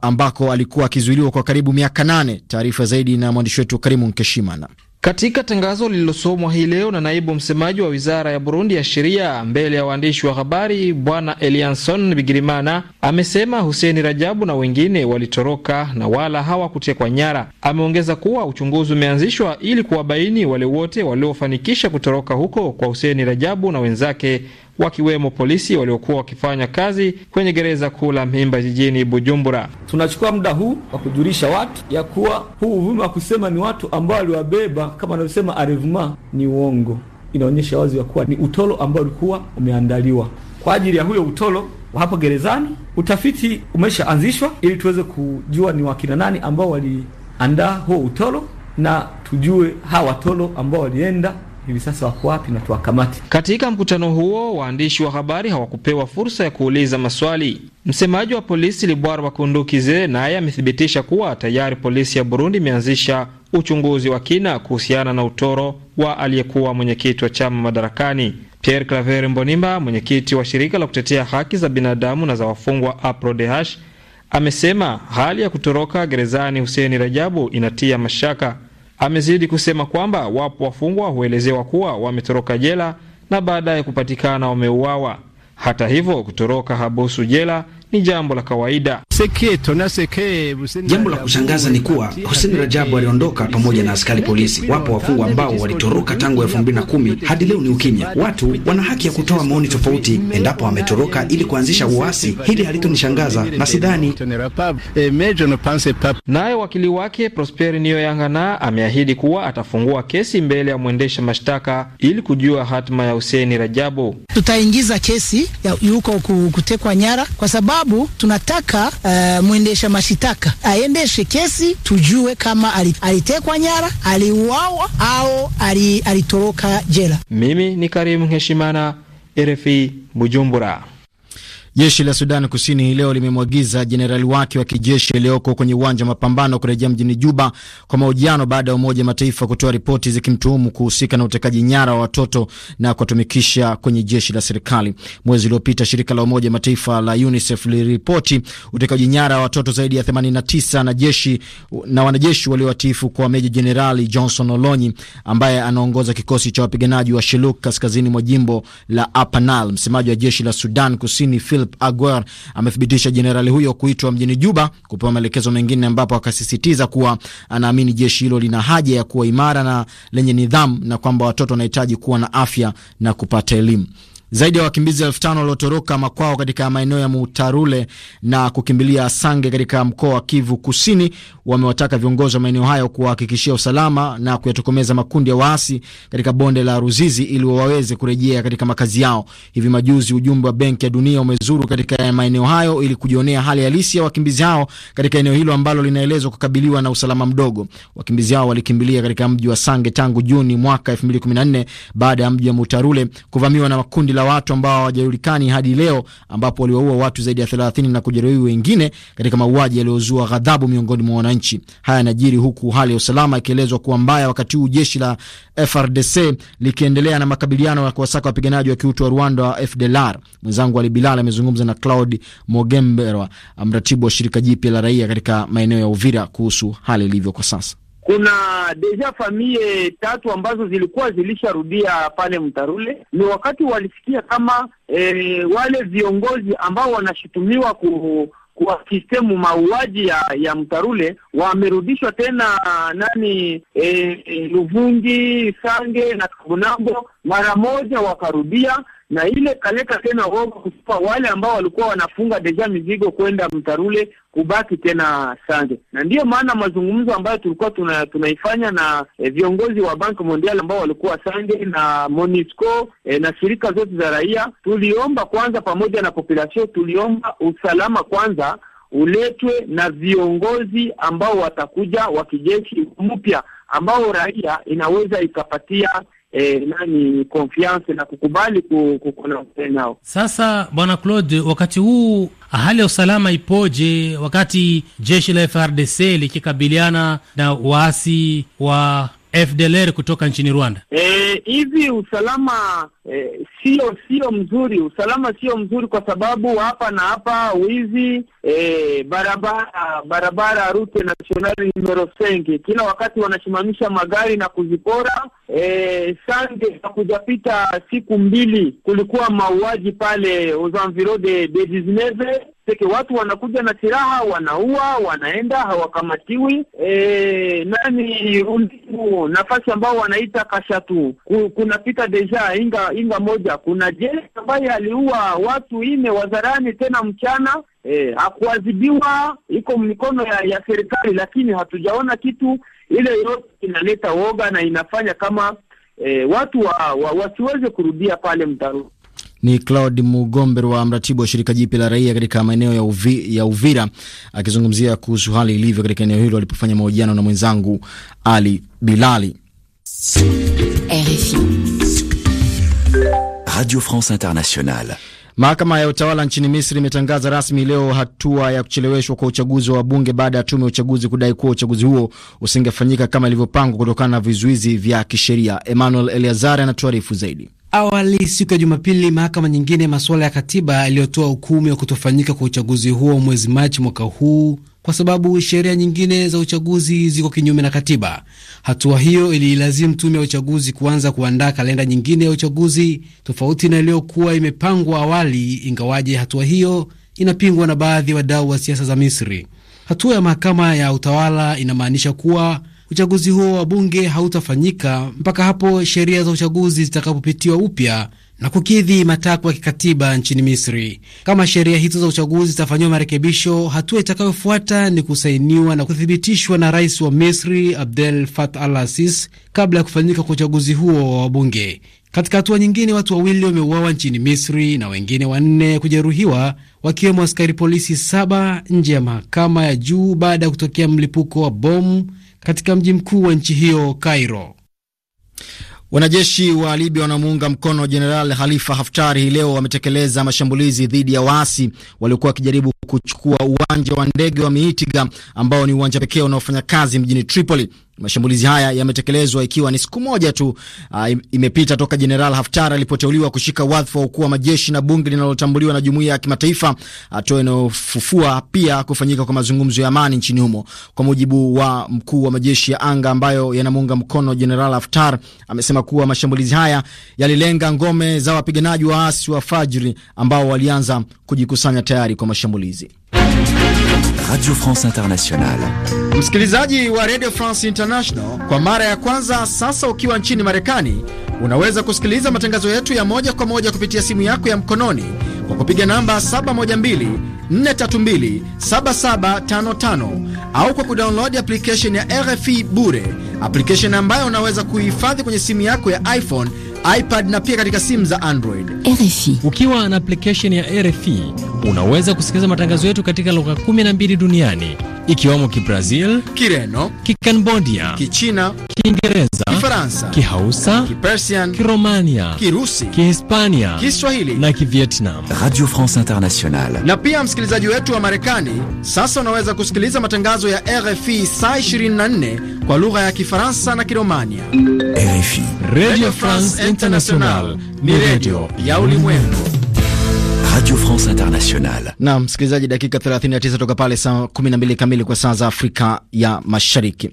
[SPEAKER 1] ambako alikuwa akizuiliwa kwa karibu miaka nane. Taarifa zaidi na mwandishi wetu Karimu Nkeshimana.
[SPEAKER 15] Katika tangazo lililosomwa hii leo na naibu msemaji wa wizara ya Burundi ya sheria mbele ya waandishi wa habari, bwana Elianson Bigirimana amesema Huseni Rajabu na wengine walitoroka na wala hawakutekwa nyara. Ameongeza kuwa uchunguzi umeanzishwa ili kuwabaini wale wote waliofanikisha kutoroka huko kwa Huseni Rajabu na wenzake wakiwemo polisi waliokuwa wakifanya kazi kwenye gereza kuu la Mimba jijini Bujumbura. Tunachukua muda huu wa kujulisha watu ya kuwa huu uvumi wa kusema ni watu ambao waliwabeba kama wanavyosema arevuma ni uongo. Inaonyesha wazi ya kuwa ni utolo ambao ulikuwa umeandaliwa kwa ajili ya huyo utolo wa hapo gerezani. Utafiti umeshaanzishwa ili tuweze kujua ni wakina nani ambao waliandaa huo utolo na tujue hawa watolo ambao walienda hivi sasa wako wapi na tuwakamate. Katika mkutano huo, waandishi wa habari hawakupewa fursa ya kuuliza maswali. Msemaji wa polisi Libwara wakundukize naye amethibitisha kuwa tayari polisi ya Burundi imeanzisha uchunguzi wa kina kuhusiana na utoro wa aliyekuwa mwenyekiti wa chama madarakani Pierre Claver Mbonimba, mwenyekiti wa shirika la kutetea haki za binadamu na za wafungwa APRODH, amesema hali ya kutoroka gerezani Huseni Rajabu inatia mashaka. Amezidi kusema kwamba wapo wafungwa huelezewa kuwa wametoroka jela na baadaye kupatikana wameuawa. Hata hivyo, kutoroka habusu jela ni jambo la kawaida. Jambo la kushangaza ni kuwa
[SPEAKER 3] Hussein Rajabu aliondoka pamoja na askari polisi. Wapo wafungwa ambao walitoroka tangu elfu mbili na kumi hadi leo ni ukimya. Watu wana haki ya kutoa maoni tofauti endapo wametoroka ili kuanzisha uasi. Hili
[SPEAKER 15] halitonishangaza na sidhani. Eh, Naye wakili wake Prosperi Yangana ameahidi kuwa atafungua kesi mbele ya mwendesha mashtaka ili kujua hatima ya Hussein Rajabu.
[SPEAKER 4] Tutaingiza kesi ya yuko kutekwa nyara kwa sababu sababu tunataka uh, mwendesha mashitaka aendeshe kesi tujue kama alitekwa nyara, aliuawa au alitoroka jela.
[SPEAKER 15] Mimi ni Karim Nkeshimana, RFI Bujumbura. Jeshi
[SPEAKER 1] la Sudan Kusini hii leo limemwagiza jenerali wake wa kijeshi aliyoko kwenye uwanja wa mapambano kurejea mjini Juba kwa mahojiano baada ya Umoja Mataifa kutoa ripoti zikimtuhumu kuhusika na utekaji nyara wa watoto na kuwatumikisha kwenye jeshi la serikali. Mwezi uliopita shirika la Umoja Mataifa la UNICEF liliripoti utekaji nyara wa watoto zaidi ya 89 na jeshi na wanajeshi waliowatiifu kwa Meja Jenerali Johnson Olonyi ambaye anaongoza kikosi cha wapiganaji wa Shiluk kaskazini mwa jimbo la Apanal. Msemaji wa jeshi la Sudan Kusini Phil Philip Aguer amethibitisha jenerali huyo kuitwa mjini Juba kupewa maelekezo mengine, ambapo akasisitiza kuwa anaamini jeshi hilo lina haja ya kuwa imara na lenye nidhamu na kwamba watoto wanahitaji kuwa na afya na kupata elimu. Zaidi ya wakimbizi elfu tano waliotoroka makwao katika maeneo ya Mutarule na kukimbilia Sange katika mkoa wa Kivu Kusini wamewataka viongozi wa maeneo hayo kuwahakikishia usalama na kuyatokomeza makundi ya waasi katika bonde la Ruzizi ili waweze kurejea katika makazi yao. Hivi majuzi ujumbe wa Benki ya Dunia umezuru katika maeneo hayo ili kujionea hali halisi ya wakimbizi hao katika eneo hilo ambalo linaelezwa kukabiliwa na usalama mdogo. Wakimbizi hao walikimbilia katika mji wa Sange tangu Juni mwaka 2014 baada ya mji wa Mutarule kuvamiwa na makundi la watu ambao hawajulikani hadi leo, ambapo waliwaua watu zaidi ya 30 na kujeruhi wengine katika mauaji yaliyozua ghadhabu miongoni mwa wananchi. Haya yanajiri huku hali ya usalama ikielezwa kuwa mbaya, wakati huu jeshi la FRDC likiendelea na makabiliano ya kuwasaka wapiganaji wa kiutu wa Rwanda wa FDLR. Mwenzangu Ali Bilal amezungumza na Claude Mogemberwa, mratibu wa shirika jipya la raia katika maeneo ya Uvira kuhusu hali ilivyo kwa sasa
[SPEAKER 16] kuna deja familie tatu ambazo zilikuwa zilisharudia pale Mtarule. Ni wakati walisikia kama e, wale viongozi ambao wanashutumiwa ku kwa sistemu mauaji ya, ya Mtarule wamerudishwa tena ah, nani e, Luvungi, Sange na Kabunambo, mara moja wakarudia na ile kaleta tena hofu kwa wale ambao walikuwa wanafunga deja mizigo kwenda Mtarule kubaki tena Sange, na ndiyo maana mazungumzo ambayo tulikuwa tuna, tunaifanya na e, viongozi wa Banki Mondial ambao walikuwa Sange na Monisco e, na shirika zote za raia, tuliomba kwanza, pamoja na populasio, tuliomba usalama kwanza uletwe na viongozi ambao watakuja wa kijeshi mpya ambao raia inaweza ikapatia E, nani confiance na kukubali kukona nao.
[SPEAKER 9] Sasa Bwana Claude, wakati huu hali ya usalama ipoje, wakati jeshi la frdc likikabiliana na waasi wa FDLR kutoka nchini Rwanda.
[SPEAKER 6] E, hivi e,
[SPEAKER 16] usalama e, sio sio mzuri, usalama sio mzuri kwa sababu hapa na hapa wizi e, barabara barabara rute nationali numero sengi, kila wakati wanasimamisha magari na kuzipora. E, sande kujapita siku mbili kulikuwa mauaji pale aux de 19 peke. Watu wanakuja na silaha, wanaua, wanaenda, hawakamatiwi. E, nani undimu, nafasi ambao wanaita kashatu kunapita deja inga inga moja. Kuna jeshi ambaye aliua watu ine wazarani tena mchana e, hakuadhibiwa, iko mikono ya, ya serikali, lakini hatujaona kitu ile. Yote inaleta woga na inafanya kama e, watu wa, wa, wasiweze kurudia pale mtaru
[SPEAKER 1] ni Claud wa mratibu wa shirika jipya la raia katika maeneo ya, uvi, ya Uvira akizungumzia kuhusu hali ilivyo katika eneo hilo alipofanya mahojiano na mwenzangu Ali Bilali, RFI Radio France Internationale. Mahakama ya utawala nchini Misri imetangaza rasmi leo hatua ya kucheleweshwa kwa uchaguzi wa bunge baada ya tume ya uchaguzi kudai kuwa uchaguzi huo usingefanyika kama ilivyopangwa kutokana na vizuizi vya kisheria. Emmanuel Eliazari anatuarifu zaidi.
[SPEAKER 3] Awali siku ya Jumapili, mahakama nyingine ya masuala ya katiba iliyotoa hukumu ya kutofanyika kwa uchaguzi huo mwezi Machi mwaka huu kwa sababu sheria nyingine za uchaguzi ziko kinyume na katiba. Hatua hiyo iliilazimu tume ya uchaguzi kuanza kuandaa kalenda nyingine ya uchaguzi tofauti na iliyokuwa imepangwa awali, ingawaje hatua hiyo inapingwa na baadhi ya wadau wa siasa za Misri. Hatua ya mahakama ya utawala inamaanisha kuwa uchaguzi huo wa bunge hautafanyika mpaka hapo sheria za uchaguzi zitakapopitiwa upya na kukidhi matakwa ya kikatiba nchini Misri. Kama sheria hizo za uchaguzi zitafanyiwa marekebisho, hatua itakayofuata ni kusainiwa na kuthibitishwa na rais wa Misri Abdel Fattah al-Sisi kabla ya kufanyika kwa uchaguzi huo wa wabunge. Katika hatua nyingine, watu wawili wameuawa nchini Misri na wengine wanne kujeruhiwa, wakiwemo askari polisi saba nje ya mahakama ya juu baada ya kutokea mlipuko wa bomu
[SPEAKER 1] katika mji mkuu wa nchi hiyo Cairo. Wanajeshi wa Libya wanamuunga mkono Jenerali Khalifa haftari hii leo wametekeleza mashambulizi dhidi ya waasi waliokuwa wakijaribu kuchukua uwanja wa ndege wa Miitiga ambao ni uwanja pekee unaofanya kazi mjini Tripoli. Mashambulizi haya yametekelezwa ikiwa ni siku moja tu uh, imepita toka Jeneral Haftar alipoteuliwa kushika wadhifa wa ukuu wa majeshi na bunge linalotambuliwa na jumuiya ya kimataifa, hatua inayofufua pia kufanyika kwa mazungumzo ya amani nchini humo. Kwa mujibu wa mkuu wa majeshi ya anga ambayo yanamuunga mkono Jeneral Haftar, amesema kuwa mashambulizi haya yalilenga ngome za wapiganaji waasi wa Fajri ambao walianza kujikusanya tayari kwa mashambulizi
[SPEAKER 7] Radio France International.
[SPEAKER 1] Msikilizaji wa Radio France International, kwa mara ya kwanza sasa ukiwa nchini Marekani, unaweza kusikiliza matangazo yetu ya moja kwa moja kupitia simu yako ya mkononi kwa kupiga namba 712-432-7755 au kwa kudownload application ya RFI bure, application ambayo unaweza kuhifadhi kwenye simu yako ya iPhone iPad na pia katika simu za Android. RFI.
[SPEAKER 3] Ukiwa na application ya RFI
[SPEAKER 1] unaweza kusikiliza matangazo yetu katika
[SPEAKER 3] lugha 12 duniani ikiwemo Kibrazil, Kireno, Kikambodia, Kichina, Kiingereza, Kifaransa, Kihausa, Kipersian, Kiromania, Kirusi, Kihispania, Kiswahili na Kivietnam. Radio France Internationale.
[SPEAKER 1] Na pia msikilizaji wetu wa Marekani sasa unaweza kusikiliza matangazo ya RFI saa 24 kwa lugha ya Kifaransa na Kiromania. RFI. Radio France
[SPEAKER 7] International ni redio ya ulimwengu. Radio France Internationale.
[SPEAKER 1] msikilizaji, dakika 39 toka pale saa 12 kamili kwa saa za Afrika ya Mashariki.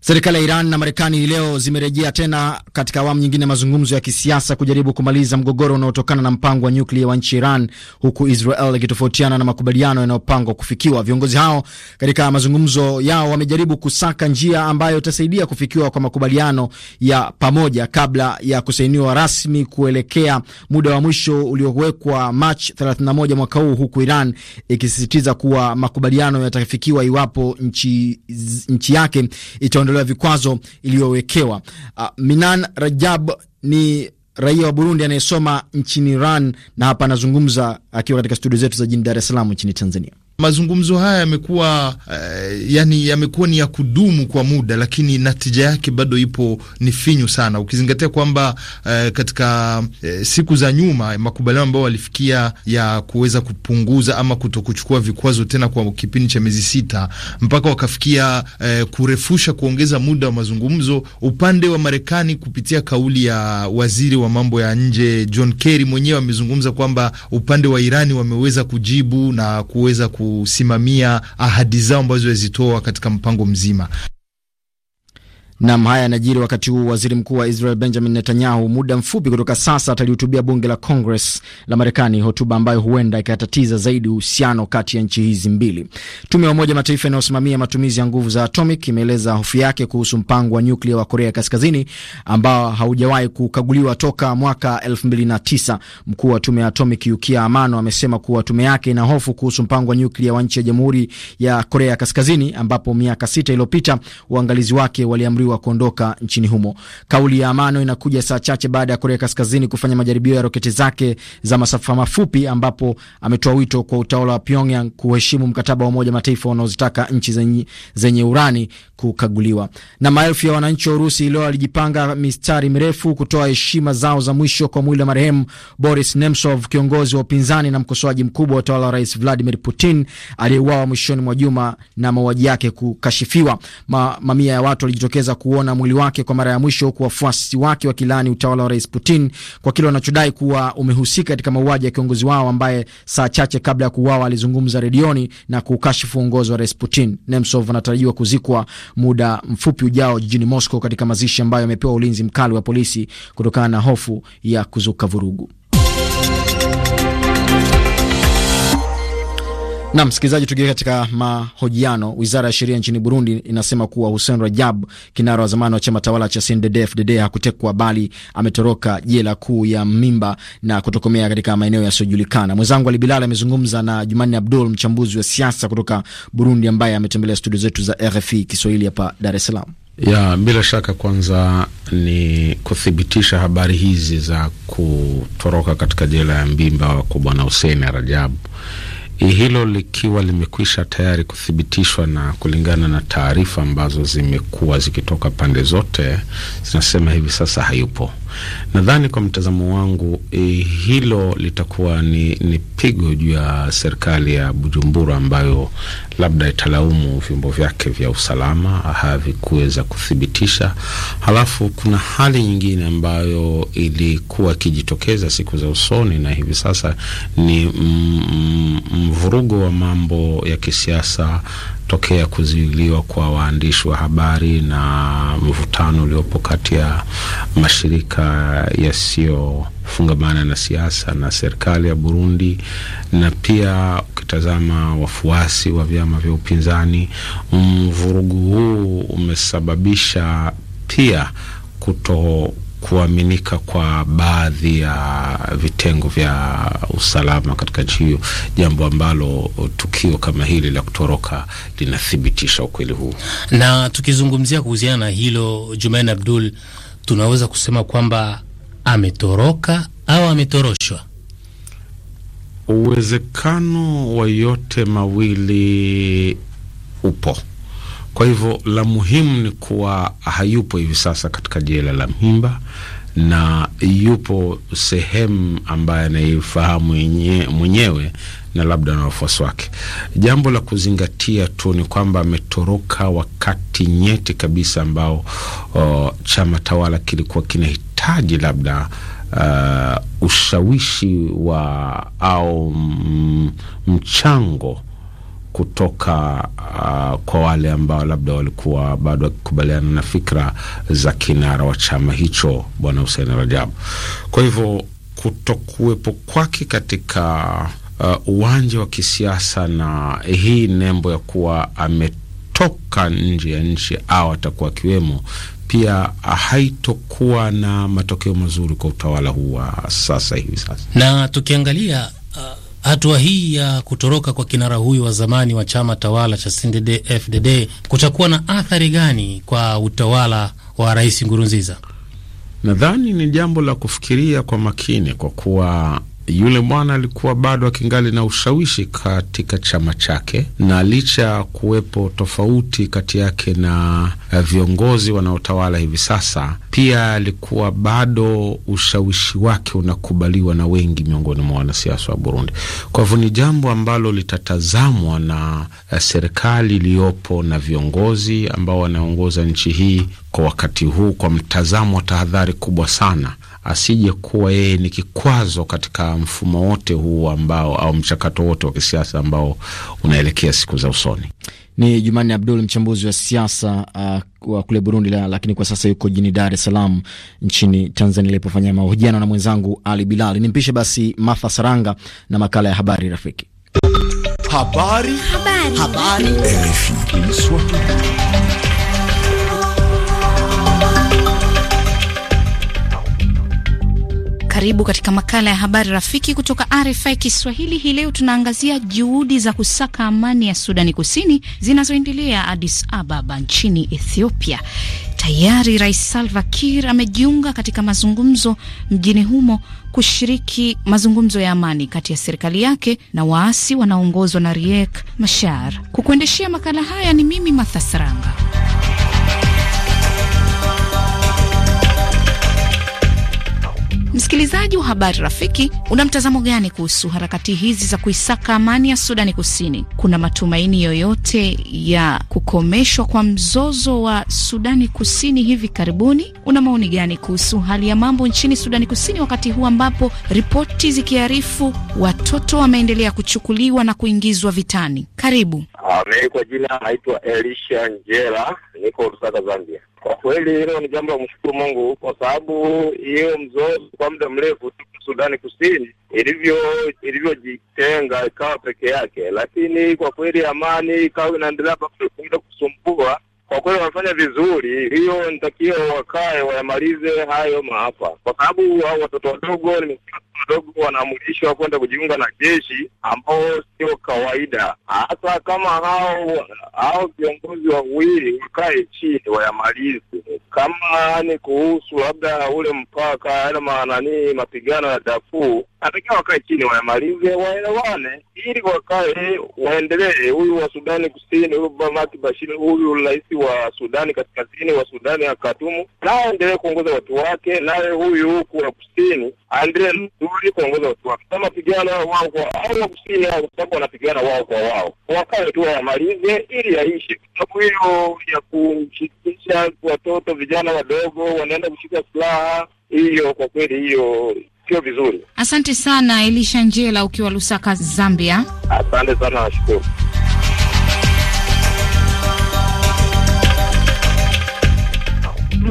[SPEAKER 1] Serikali ya Iran na Marekani leo zimerejea tena katika awamu nyingine mazungumzo ya kisiasa kujaribu kumaliza mgogoro unaotokana na mpango wa nyuklia wa nchi Iran, huku Israel ikitofautiana na makubaliano yanayopangwa kufikiwa. Viongozi hao katika mazungumzo yao wamejaribu kusaka njia ambayo itasaidia kufikiwa kwa makubaliano ya pamoja kabla ya kusainiwa rasmi kuelekea muda wa mwisho uliowekwa Machi 31 mwaka huu, huku Iran ikisisitiza kuwa makubaliano yatafikiwa iwapo nchi, nchi yake itaondolewa ya vikwazo iliyowekewa. Uh, Minan Rajab ni raia wa Burundi anayesoma nchini Iran na hapa anazungumza akiwa katika studio zetu za jijini Dar
[SPEAKER 8] es Salaam nchini Tanzania. Mazungumzo haya yamekuwa uh, yani yamekuwa ni ya kudumu kwa muda, lakini natija yake bado ipo ni finyu sana, ukizingatia kwamba uh, katika uh, siku za nyuma makubaliano ambayo walifikia ya kuweza kupunguza ama kutokuchukua vikwazo tena kwa kipindi cha miezi sita mpaka wakafikia uh, kurefusha kuongeza muda wa mazungumzo, upande wa Marekani kupitia kauli ya waziri wa mambo ya nje John Kerry mwenyewe amezungumza kwamba upande wa Irani wameweza kujibu na kuweza ku kusimamia ahadi zao ambazo wazitoa katika mpango mzima.
[SPEAKER 1] Nam, haya yanajiri wakati huu waziri mkuu wa Israel Benjamin Netanyahu muda mfupi kutoka sasa atalihutubia bunge la Congress la Marekani, hotuba ambayo huenda ikatatiza zaidi uhusiano kati ya nchi hizi mbili. Tume ya Umoja Mataifa inayosimamia matumizi ya nguvu za atomic imeeleza hofu yake kuhusu mpango wa nyuklia wa Korea Kaskazini ambao haujawahi kukaguliwa toka mwaka 2009. Mkuu wa tume ya atomic Yukia Amano amesema kuwa tume yake ina hofu kuhusu mpango wa nyuklia wa nchi ya Jamhuri ya Korea Kaskazini, ambapo miaka sita iliyopita uangalizi wake waliamriwa wa kuondoka nchini humo. Kauli ya Amano inakuja saa chache baada ya Korea Kaskazini kufanya majaribio ya roketi zake za masafa mafupi, ambapo ametoa wito kwa utawala wa Pyongyang kuheshimu mkataba wa Umoja Mataifa unaozitaka nchi zenye, zenye urani kukaguliwa. Na maelfu ya wananchi wa Urusi leo walijipanga mistari mirefu kutoa heshima zao za mwisho kwa mwili wa marehemu Boris Nemtsov, kiongozi wa upinzani na mkosoaji mkubwa wa utawala wa Rais Vladimir Putin aliyeuawa mwishoni mwa juma na mauaji yake kukashifiwa. Ma, mamia ya watu walijitokeza kuona mwili wake kwa mara ya mwisho, huku wafuasi wake wakilaani utawala wa Rais Putin kwa kile wanachodai kuwa umehusika katika mauaji ya kiongozi wao ambaye saa chache kabla ya kuuawa alizungumza redioni na kuukashifu uongozi wa Rais Putin. Nemsov anatarajiwa kuzikwa muda mfupi ujao jijini Moscow katika mazishi ambayo amepewa ulinzi mkali wa polisi kutokana na hofu ya kuzuka vurugu. Na msikilizaji, tukielekea katika mahojiano, wizara ya sheria nchini Burundi inasema kuwa Hussein Rajab, kinara wa zamani wa chama tawala cha CNDD-FDD, hakutekwa bali ametoroka jela kuu ya Mimba na kutokomea katika maeneo yasiyojulikana. Mwenzangu Ali Bilal amezungumza na Jumanne Abdul, mchambuzi wa siasa kutoka Burundi, ambaye ametembelea studio zetu za RFI Kiswahili hapa Dar es Salaam.
[SPEAKER 5] Ya, bila shaka kwanza ni kuthibitisha habari hizi za kutoroka katika jela ya Mbimba kwa bwana Hussein Rajab hilo likiwa limekwisha tayari kuthibitishwa na kulingana na taarifa ambazo zimekuwa zikitoka pande zote zinasema hivi sasa hayupo. Nadhani kwa mtazamo wangu e, hilo litakuwa ni, ni pigo juu ya serikali ya Bujumbura ambayo labda italaumu vyombo vyake vya usalama havikuweza kuthibitisha. Halafu kuna hali nyingine ambayo ilikuwa ikijitokeza siku za usoni na hivi sasa ni mvurugo wa mambo ya kisiasa tokea kuzuiliwa kwa waandishi wa habari na mvutano uliopo kati ya mashirika yasiyofungamana na siasa na serikali ya Burundi, na pia ukitazama wafuasi wa vyama vya upinzani, mvurugu huu umesababisha pia kuto kuaminika kwa baadhi ya vitengo vya usalama katika nchi hiyo, jambo ambalo tukio kama hili la kutoroka linathibitisha ukweli huu.
[SPEAKER 9] Na tukizungumzia kuhusiana na hilo, Jumaine Abdul, tunaweza kusema kwamba ametoroka au ametoroshwa?
[SPEAKER 5] Uwezekano wa yote mawili upo. Kwa hivyo la muhimu ni kuwa hayupo hivi sasa katika jela la Mhimba na yupo sehemu ambayo anaifahamu mwenyewe na labda na wafuasi wake. Jambo la kuzingatia tu ni kwamba ametoroka wakati nyeti kabisa ambao o, chama tawala kilikuwa kinahitaji labda uh, ushawishi wa au mchango kutoka uh, kwa wale ambao labda walikuwa bado wakikubaliana na fikra za kinara wa chama hicho Bwana Hussein Rajabu. Kwa hivyo kutokuwepo kwake katika uh, uwanja wa kisiasa na hii nembo ya kuwa ametoka nje ya nchi au atakuwa akiwemo pia haitokuwa na matokeo mazuri kwa utawala huu wa sasa hivi sasa,
[SPEAKER 9] na tukiangalia uh hatua hii ya kutoroka kwa kinara huyu wa zamani wa chama tawala cha CNDD-FDD kutakuwa na athari gani kwa utawala wa Rais ngurunziza
[SPEAKER 5] Nadhani ni jambo la kufikiria kwa makini, kwa kuwa yule bwana alikuwa bado akingali na ushawishi katika chama chake, na licha ya kuwepo tofauti kati yake na eh, viongozi wanaotawala hivi sasa, pia alikuwa bado ushawishi wake unakubaliwa na wengi miongoni mwa wanasiasa wa Burundi. Kwa hivyo ni jambo ambalo litatazamwa na eh, serikali iliyopo na viongozi ambao wanaongoza nchi hii kwa wakati huu kwa mtazamo wa tahadhari kubwa sana, asije kuwa yeye ni kikwazo katika mfumo wote huu ambao au mchakato wote wa kisiasa ambao unaelekea siku za usoni.
[SPEAKER 1] Ni Jumani Abdul, mchambuzi wa siasa uh, wa kule Burundi la, lakini kwa sasa yuko jini Dar es Salaam nchini Tanzania, ilipofanya mahojiano na mwenzangu Ali Bilali. Nimpishe basi Martha Saranga na makala ya habari rafiki.
[SPEAKER 2] Habari. Habari. Habari. Habari.
[SPEAKER 17] Karibu katika makala ya habari rafiki kutoka RFI Kiswahili. Hii leo tunaangazia juhudi za kusaka amani ya Sudani Kusini zinazoendelea Addis Ababa nchini Ethiopia. Tayari Rais Salva Kiir amejiunga katika mazungumzo mjini humo kushiriki mazungumzo ya amani kati ya serikali yake na waasi wanaoongozwa na Riek Machar. Kukuendeshea makala haya ni mimi mathasaranga Saranga. Msikilizaji wa habari rafiki, una mtazamo gani kuhusu harakati hizi za kuisaka amani ya Sudani Kusini? Kuna matumaini yoyote ya kukomeshwa kwa mzozo wa Sudani Kusini hivi karibuni? Una maoni gani kuhusu hali ya mambo nchini Sudani Kusini wakati huu ambapo ripoti zikiarifu watoto wameendelea kuchukuliwa na kuingizwa vitani? Karibu.
[SPEAKER 16] Ah, mimi kwa jina naitwa Elisha Njera, niko Lusaka, Zambia. Kwa kweli hilo ni jambo la kumshukuru Mungu kwa sababu hiyo mzozo kwa muda mrefu Sudani Kusini ilivyo ilivyojitenga ikawa peke yake, lakini kwa kweli amani ikawa inaendelea bila kusumbua. Kwa kweli wanafanya vizuri, hiyo nitakiwa wakae wayamalize hayo maafa, kwa sababu hao watoto wadogo nimesema kidogo wanaamrishwa kwenda kujiunga na jeshi, ambao sio kawaida. Hasa kama hao hao viongozi wawili wakae chini wayamalize. Kama ni kuhusu labda ule mpaka yale nani mapigano ya dafuu atakiwa wakae chini wayamalize, waelewane ili wakae waendelee. Huyu wa Sudani Kusini, huyu Mamaki Bashiri, huyu rais wa Sudani Kaskazini, wa Sudani ya Katumu, naye aendelee kuongoza watu wake, naye huyu huku wa kusini aendelee hawajawahi kuongoza watu wake. Kama pigana wao kwa au wakusini hao, kwa sababu wanapigana wao kwa wao, wakae tu wayamalize ili yaishe Sababu hiyo ya kushirikisha watoto vijana wadogo wanaenda kushika silaha hiyo, kwa kweli hiyo sio vizuri.
[SPEAKER 17] Asante sana Elisha Njela ukiwa Lusaka, Zambia.
[SPEAKER 16] Asante
[SPEAKER 18] sana, nashukuru.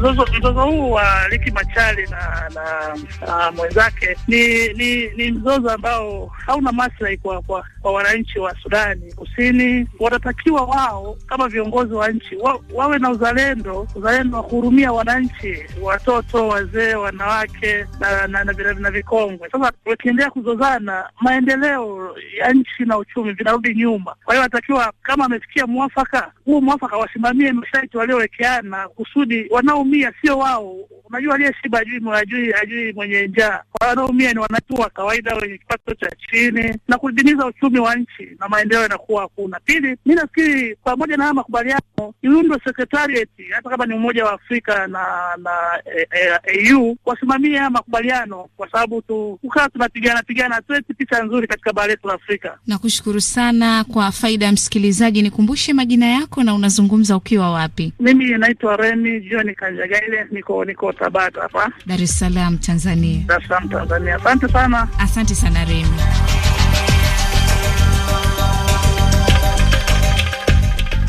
[SPEAKER 18] mzozo huu wa Ricky Machali na, na, na mwenzake ni, ni ni mzozo ambao hauna maslahi kwa, kwa, kwa wananchi wa Sudani Kusini. Wanatakiwa wao kama viongozi wa nchi wa, wawe na uzalendo, uzalendo wa kuhurumia wananchi, watoto, wazee, wanawake na, na, na, na, na vikongwe. Sasa wakiendelea kuzozana, maendeleo ya nchi na uchumi vinarudi nyuma. Kwa hiyo wanatakiwa kama amefikia mwafaka, huo mwafaka wasimamie masharti waliowekeana kusudi wanao wanaumia sio wao. Unajua aliyeshiba ajui ajui ajui mwenye njaa, wanaumia ni wanatu wa kawaida wenye kipato cha chini, na kudidimiza uchumi wa nchi na maendeleo yanakuwa hakuna. Pili, mi nafikiri pamoja na haya makubaliano iundwe sekretarieti, hata kama ni Umoja wa Afrika na na AU eh, e, eh, e, wasimamia haya makubaliano, kwa sababu tu ukawa tunapigana pigana hatuwezi picha nzuri katika bara letu la Afrika.
[SPEAKER 17] Nakushukuru sana. Kwa faida ya msikilizaji, nikumbushe majina yako na unazungumza ukiwa wapi? Mimi
[SPEAKER 18] naitwa Remi John Nyagaile, niko niko Tabata hapa Dar es
[SPEAKER 17] Salaam Tanzania. Dar es Salaam Tanzania. Asante sana, asante sana Remi.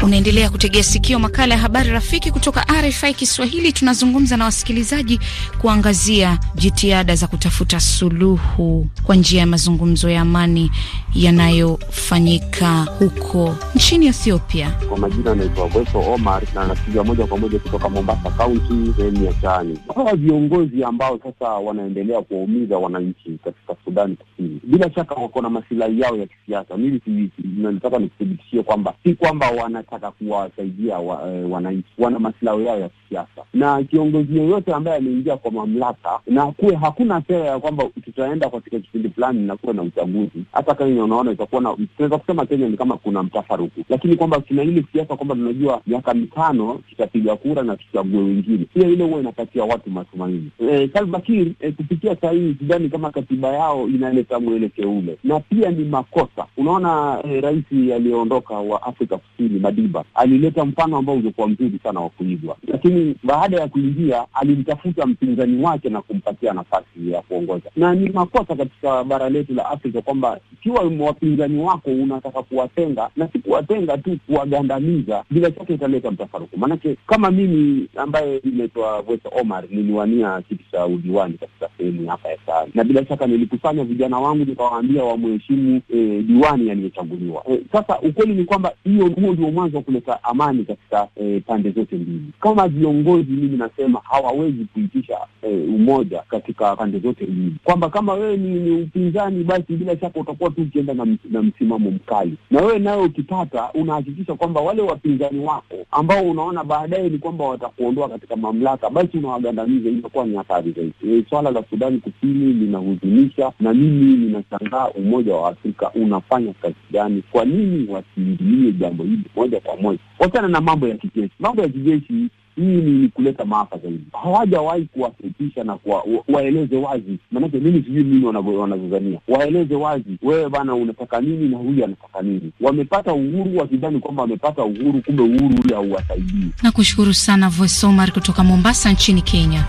[SPEAKER 17] Unaendelea kutegea sikio makala ya habari rafiki kutoka RFI Kiswahili. Tunazungumza na wasikilizaji kuangazia jitihada za kutafuta suluhu kwa njia ya mazungumzo ya amani yanayofanyika huko nchini Ethiopia.
[SPEAKER 16] Kwa majina anaitwa Weso Omar na anapiga moja kwa moja kutoka Mombasa Kaunti, sehemu ya Chani. Hawa viongozi ambao sasa wanaendelea kuwaumiza wananchi katika Sudani Kusini, bila shaka wako na masilahi yao ya kisiasa. Mimi nataka nikuthibitishie kwamba si kwamba wanataka kuwasaidia wa, e, wananchi, wana masilahi yao ya kisiasa. Na kiongozi yoyote ambaye ameingia kwa mamlaka na kuwe hakuna sera ya kwamba tutaenda katika kipindi fulani na kuwe na uchaguzi, hata kama unaona itakuwa na tunaweza kusema Kenya ni kama kuna mtafaruku, lakini kwamba tuna ile siasa kwamba tunajua miaka mitano tutapiga kura na tuchague wengine, pia ile huwa inapatia watu matumaini. E, Salva Kiir e, kupitia saa sidhani kama katiba yao inaleta mwelekeo ule, na pia ni makosa unaona. E, rais aliyeondoka wa Afrika Kusini Madiba alileta mfano ambao uliokuwa mzuri sana wa kuigwa, lakini baada ya kuingia alimtafuta mpinzani wake na kumpatia nafasi ya kuongoza, na ni makosa katika bara letu la Afrika kwamba ikiwa ambayo wapinzani wako unataka kuwatenga, na si kuwatenga tu, kuwagandamiza, bila shaka italeta mtafaruku. Maanake kama mimi ambaye inaitwa Vesa Omar niliwania kitu cha udiwani katika sehemu hapa ya Sahani, na bila shaka nilikusanya vijana wangu nikawaambia wamheshimu e, diwani aliyechaguliwa. E, sasa ukweli ni kwamba hiyo huo ndio mwanzo wa kuleta amani katika e, pande zote mbili. Kama viongozi, mimi nasema hawawezi kuitisha e, umoja katika pande zote mbili, kwamba kama wewe ni, ni upinzani basi bila shaka utakuwa tu ukienda na, na msimamo mkali, na wewe nawe ukipata unahakikisha kwamba wale wapinzani wako ambao unaona baadaye ni kwamba watakuondoa katika mamlaka, basi unawagandamiza, inakuwa ni hatari zaidi. E, swala la Sudani Kusini linahuzunisha na mimi ninashangaa Umoja wa Afrika unafanya kazi gani? Kwa nini wasiingilie jambo hili moja kwa moja? Wachana na mambo ya kijeshi, mambo ya kijeshi hii ni kuleta maafa zaidi. Hawajawahi kuwafikisha na kuwa, waeleze wazi, maanake mimi sijui nini wanazozania. Waeleze wazi, wewe bana unataka nini na huyu anataka nini. Wamepata uhuru wakidhani kwamba wamepata uhuru, kumbe uhuru ule hauwasaidii.
[SPEAKER 17] Na kushukuru sana Voice Omar kutoka Mombasa nchini Kenya.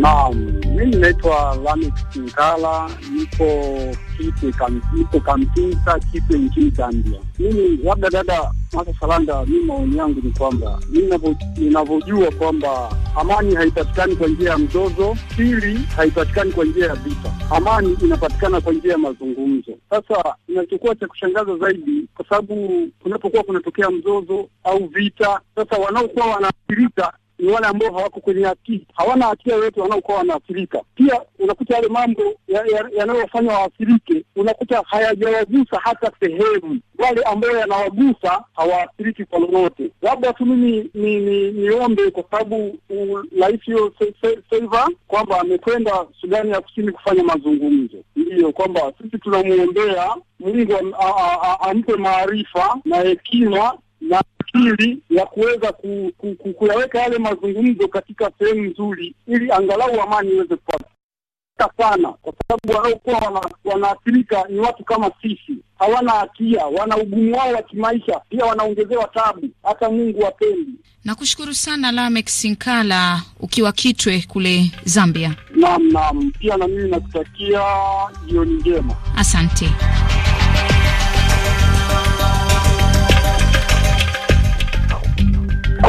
[SPEAKER 16] Naam. Mimi naitwa Lameck Sinkala, niko Kitwe, niko Kampinsa Kitwe nchini Zambia. Mimi labda dada Masa Salanda, mimi maoni yangu ni kwamba mimi ninavyojua kwamba amani haipatikani kwa njia ya mzozo, pili haipatikani kwa njia ya vita. Amani inapatikana kwa njia ya mazungumzo. Sasa inachokuwa cha kushangaza zaidi, kwa sababu kunapokuwa kunatokea mzozo au vita, sasa wanaokuwa wanaathirika ni wale ambao hawako kwenye akili, hawana akili yoyote wanaokuwa wanaathirika. Pia unakuta yale mambo yanayofanya ya, ya waathirike, unakuta hayajawagusa hata sehemu. Wale ambao yanawagusa hawaathiriki kwa lolote. Labda tu mimi niombe ni, ni kwa sababu rais Seiva kwamba amekwenda Sudani ya Kusini kufanya mazungumzo, ndiyo kwamba sisi tunamwombea Mungu ampe maarifa na hekima na akili ya kuweza ku, ku, ku, kuyaweka yale mazungumzo katika sehemu nzuri, ili angalau amani iweze kupata sana, kwa sababu wanaokuwa wanaathirika ni watu kama sisi, hawana hatia, wana ugumu wao wa kimaisha, pia wanaongezewa tabu. Hata Mungu wapendi.
[SPEAKER 17] Nakushukuru sana Lamek Sinkala, ukiwa Kitwe kule Zambia. Naam, naam, pia na mimi nakutakia jioni njema, asante.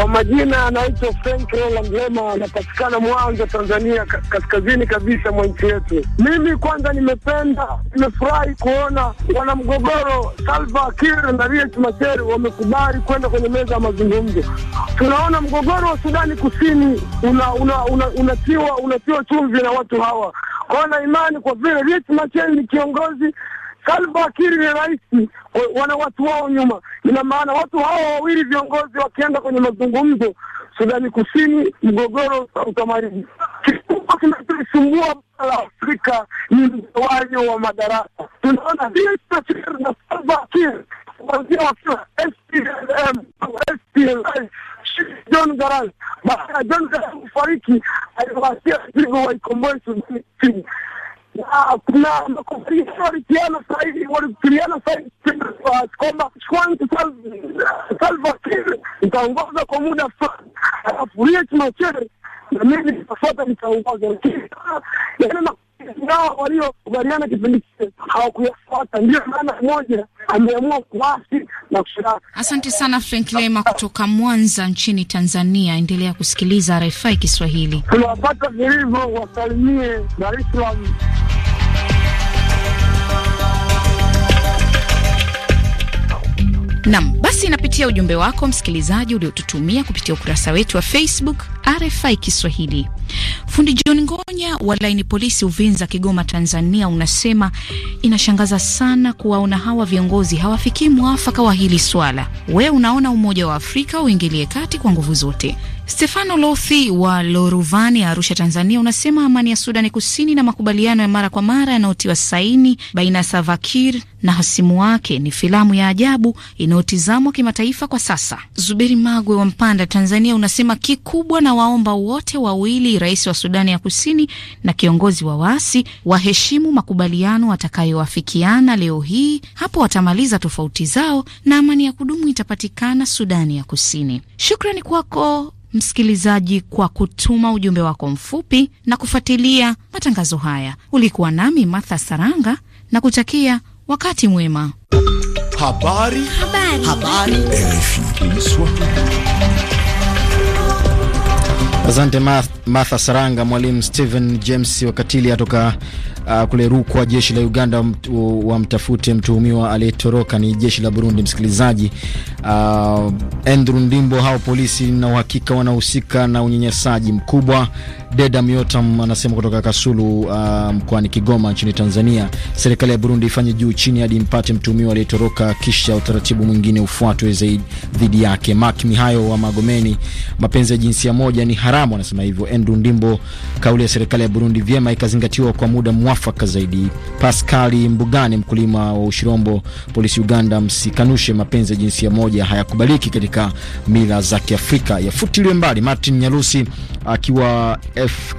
[SPEAKER 17] Kwa majina
[SPEAKER 16] anaitwa Frank Roland Lema, anapatikana Mwanza, Tanzania, kaskazini kabisa mwa nchi yetu. Mimi kwanza nimependa, nimefurahi kuona wanamgogoro Salva Kiir na Riek Machar wamekubali kwenda kwenye meza ya mazungumzo. Tunaona mgogoro wa Sudani Kusini unatiwa una, una, una unatiwa chumvi na watu hawa. Kwa na imani kwa vile Riek Machar ni kiongozi Salva Kiir ni rais, wana watu wao nyuma. Ina maana watu hao wawili viongozi wakienda kwenye mazungumzo, Sudani Kusini mgogoro utamalizika. Kikubwa kinachoisumbua bara la Afrika ni mgawanyo wa madaraka. Tunaona Kiir na Salva Kiir kuanzia wakiwa SPLM au SPLA John Garang, baada ya John Garang kufariki aliwaachia mzigo waikomboe Sudani Kusini. Ah, é na, na conferência norte-americana sai, o coreano sai como quanto salva aquilo. Então, gosta como a folha de nao waliokubaliana kipindi kile hawakuyafuata, maana mmoja
[SPEAKER 17] ameamua kuasi na Asante sana Frank Lema kutoka Mwanza nchini Tanzania. Endelea kusikiliza RFI Kiswahili.
[SPEAKER 18] Tunawapata vilivyo, wasalimie Dar es Salaam.
[SPEAKER 17] Nam, basi napitia ujumbe wako msikilizaji uliotutumia kupitia ukurasa wetu wa Facebook RFI Kiswahili. Fundi John Ngonya wa laini polisi Uvinza, Kigoma, Tanzania, unasema inashangaza sana kuwaona hawa viongozi hawafikii mwafaka wa hili swala. We unaona Umoja wa Afrika uingilie kati kwa nguvu zote. Stefano Lothi wa Loruvani, Arusha, Tanzania, unasema amani ya Sudani Kusini na makubaliano ya mara kwa mara yanayotiwa saini baina ya savakir na hasimu wake ni filamu ya ajabu inayotizamwa kimataifa kwa sasa. Zuberi Magwe wa Mpanda, Tanzania, unasema kikubwa na anawaomba wote wawili, rais wa Sudani ya Kusini na kiongozi wa waasi, waheshimu makubaliano watakayoafikiana leo hii. Hapo watamaliza tofauti zao na amani ya kudumu itapatikana Sudani ya Kusini. Shukrani kwako msikilizaji kwa kutuma ujumbe wako mfupi na kufuatilia matangazo haya. Ulikuwa nami Martha Saranga na kutakia wakati mwema.
[SPEAKER 2] Habari. Habari. Habari. Habari.
[SPEAKER 1] Asante Martha Saranga. Mwalimu Stephen James wakatili atoka uh, kule Rukwa. Jeshi la Uganda wamtafute mtuhumiwa aliyetoroka ni jeshi la Burundi. Msikilizaji uh, Andrew Ndimbo, hao polisi na uhakika wanahusika na unyanyasaji mkubwa Deda Miotam anasema kutoka Kasulu uh, mkoani Kigoma nchini Tanzania, serikali ya Burundi ifanye juu chini hadi mpate mtuhumiwa aliyetoroka, kisha utaratibu mwingine ufuatwe zaidi dhidi yake. Mak Mihayo wa Magomeni, mapenzi ya jinsia moja ni haramu, anasema hivyo. Andrew Ndimbo, kauli ya serikali ya Burundi vyema ikazingatiwa kwa muda mwafaka zaidi. Paskali Mbugani, mkulima wa Ushirombo, polisi Uganda, msikanushe mapenzi ya jinsia moja hayakubaliki katika mila za Kiafrika, yafutiliwe mbali. Martin Nyarusi akiwa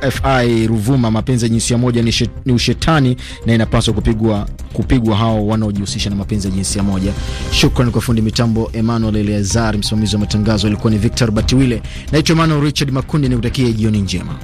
[SPEAKER 1] fi Ruvuma, mapenzi ya jinsia moja ni, shet, ni ushetani na inapaswa kupigwa, kupigwa hao wanaojihusisha na mapenzi ya jinsia moja. shukran kwa fundi mitambo Emmanuel Eleazar, msimamizi wa matangazo alikuwa ni Victor Batiwile. Naitwa Emmanuel Richard Makundi, nikutakie jioni njema.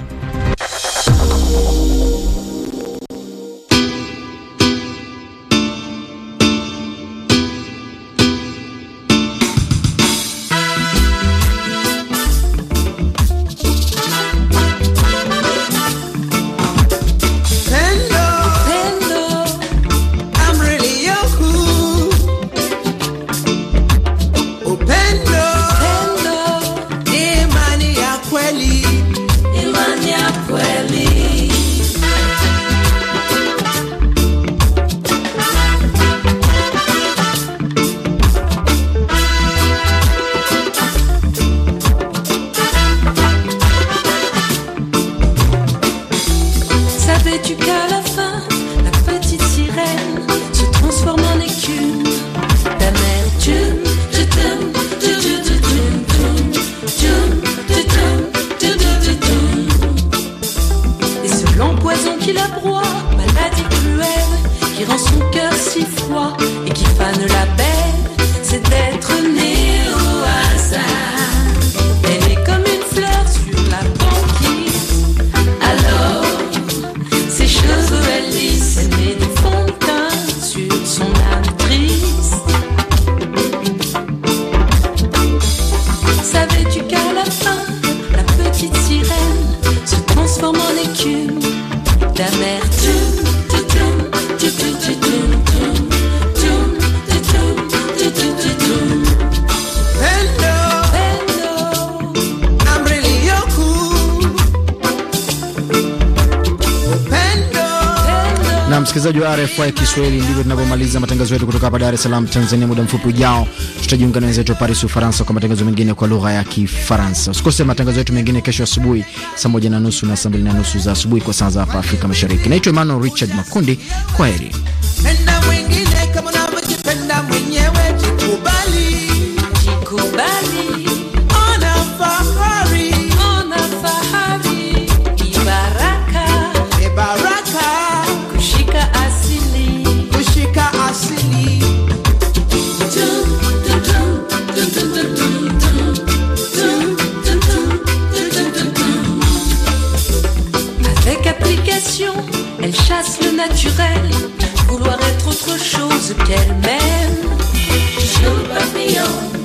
[SPEAKER 1] Kiswahili. Ndivyo tunavyomaliza matangazo yetu kutoka hapa Dar es Salaam, Tanzania. Muda mfupi ujao, tutajiunga na wenzetu wa Paris, Ufaransa, kwa matangazo mengine kwa lugha ya Kifaransa. Usikose matangazo yetu mengine kesho asubuhi saa moja na nusu na saa mbili na nusu za asubuhi kwa saa za hapa Afrika Mashariki. Naitwa Emmanuel Richard Makundi, kwa heri.
[SPEAKER 3] Jikubali.
[SPEAKER 10] vouloir être autre chose qu'elle-même. Je Joue papillon.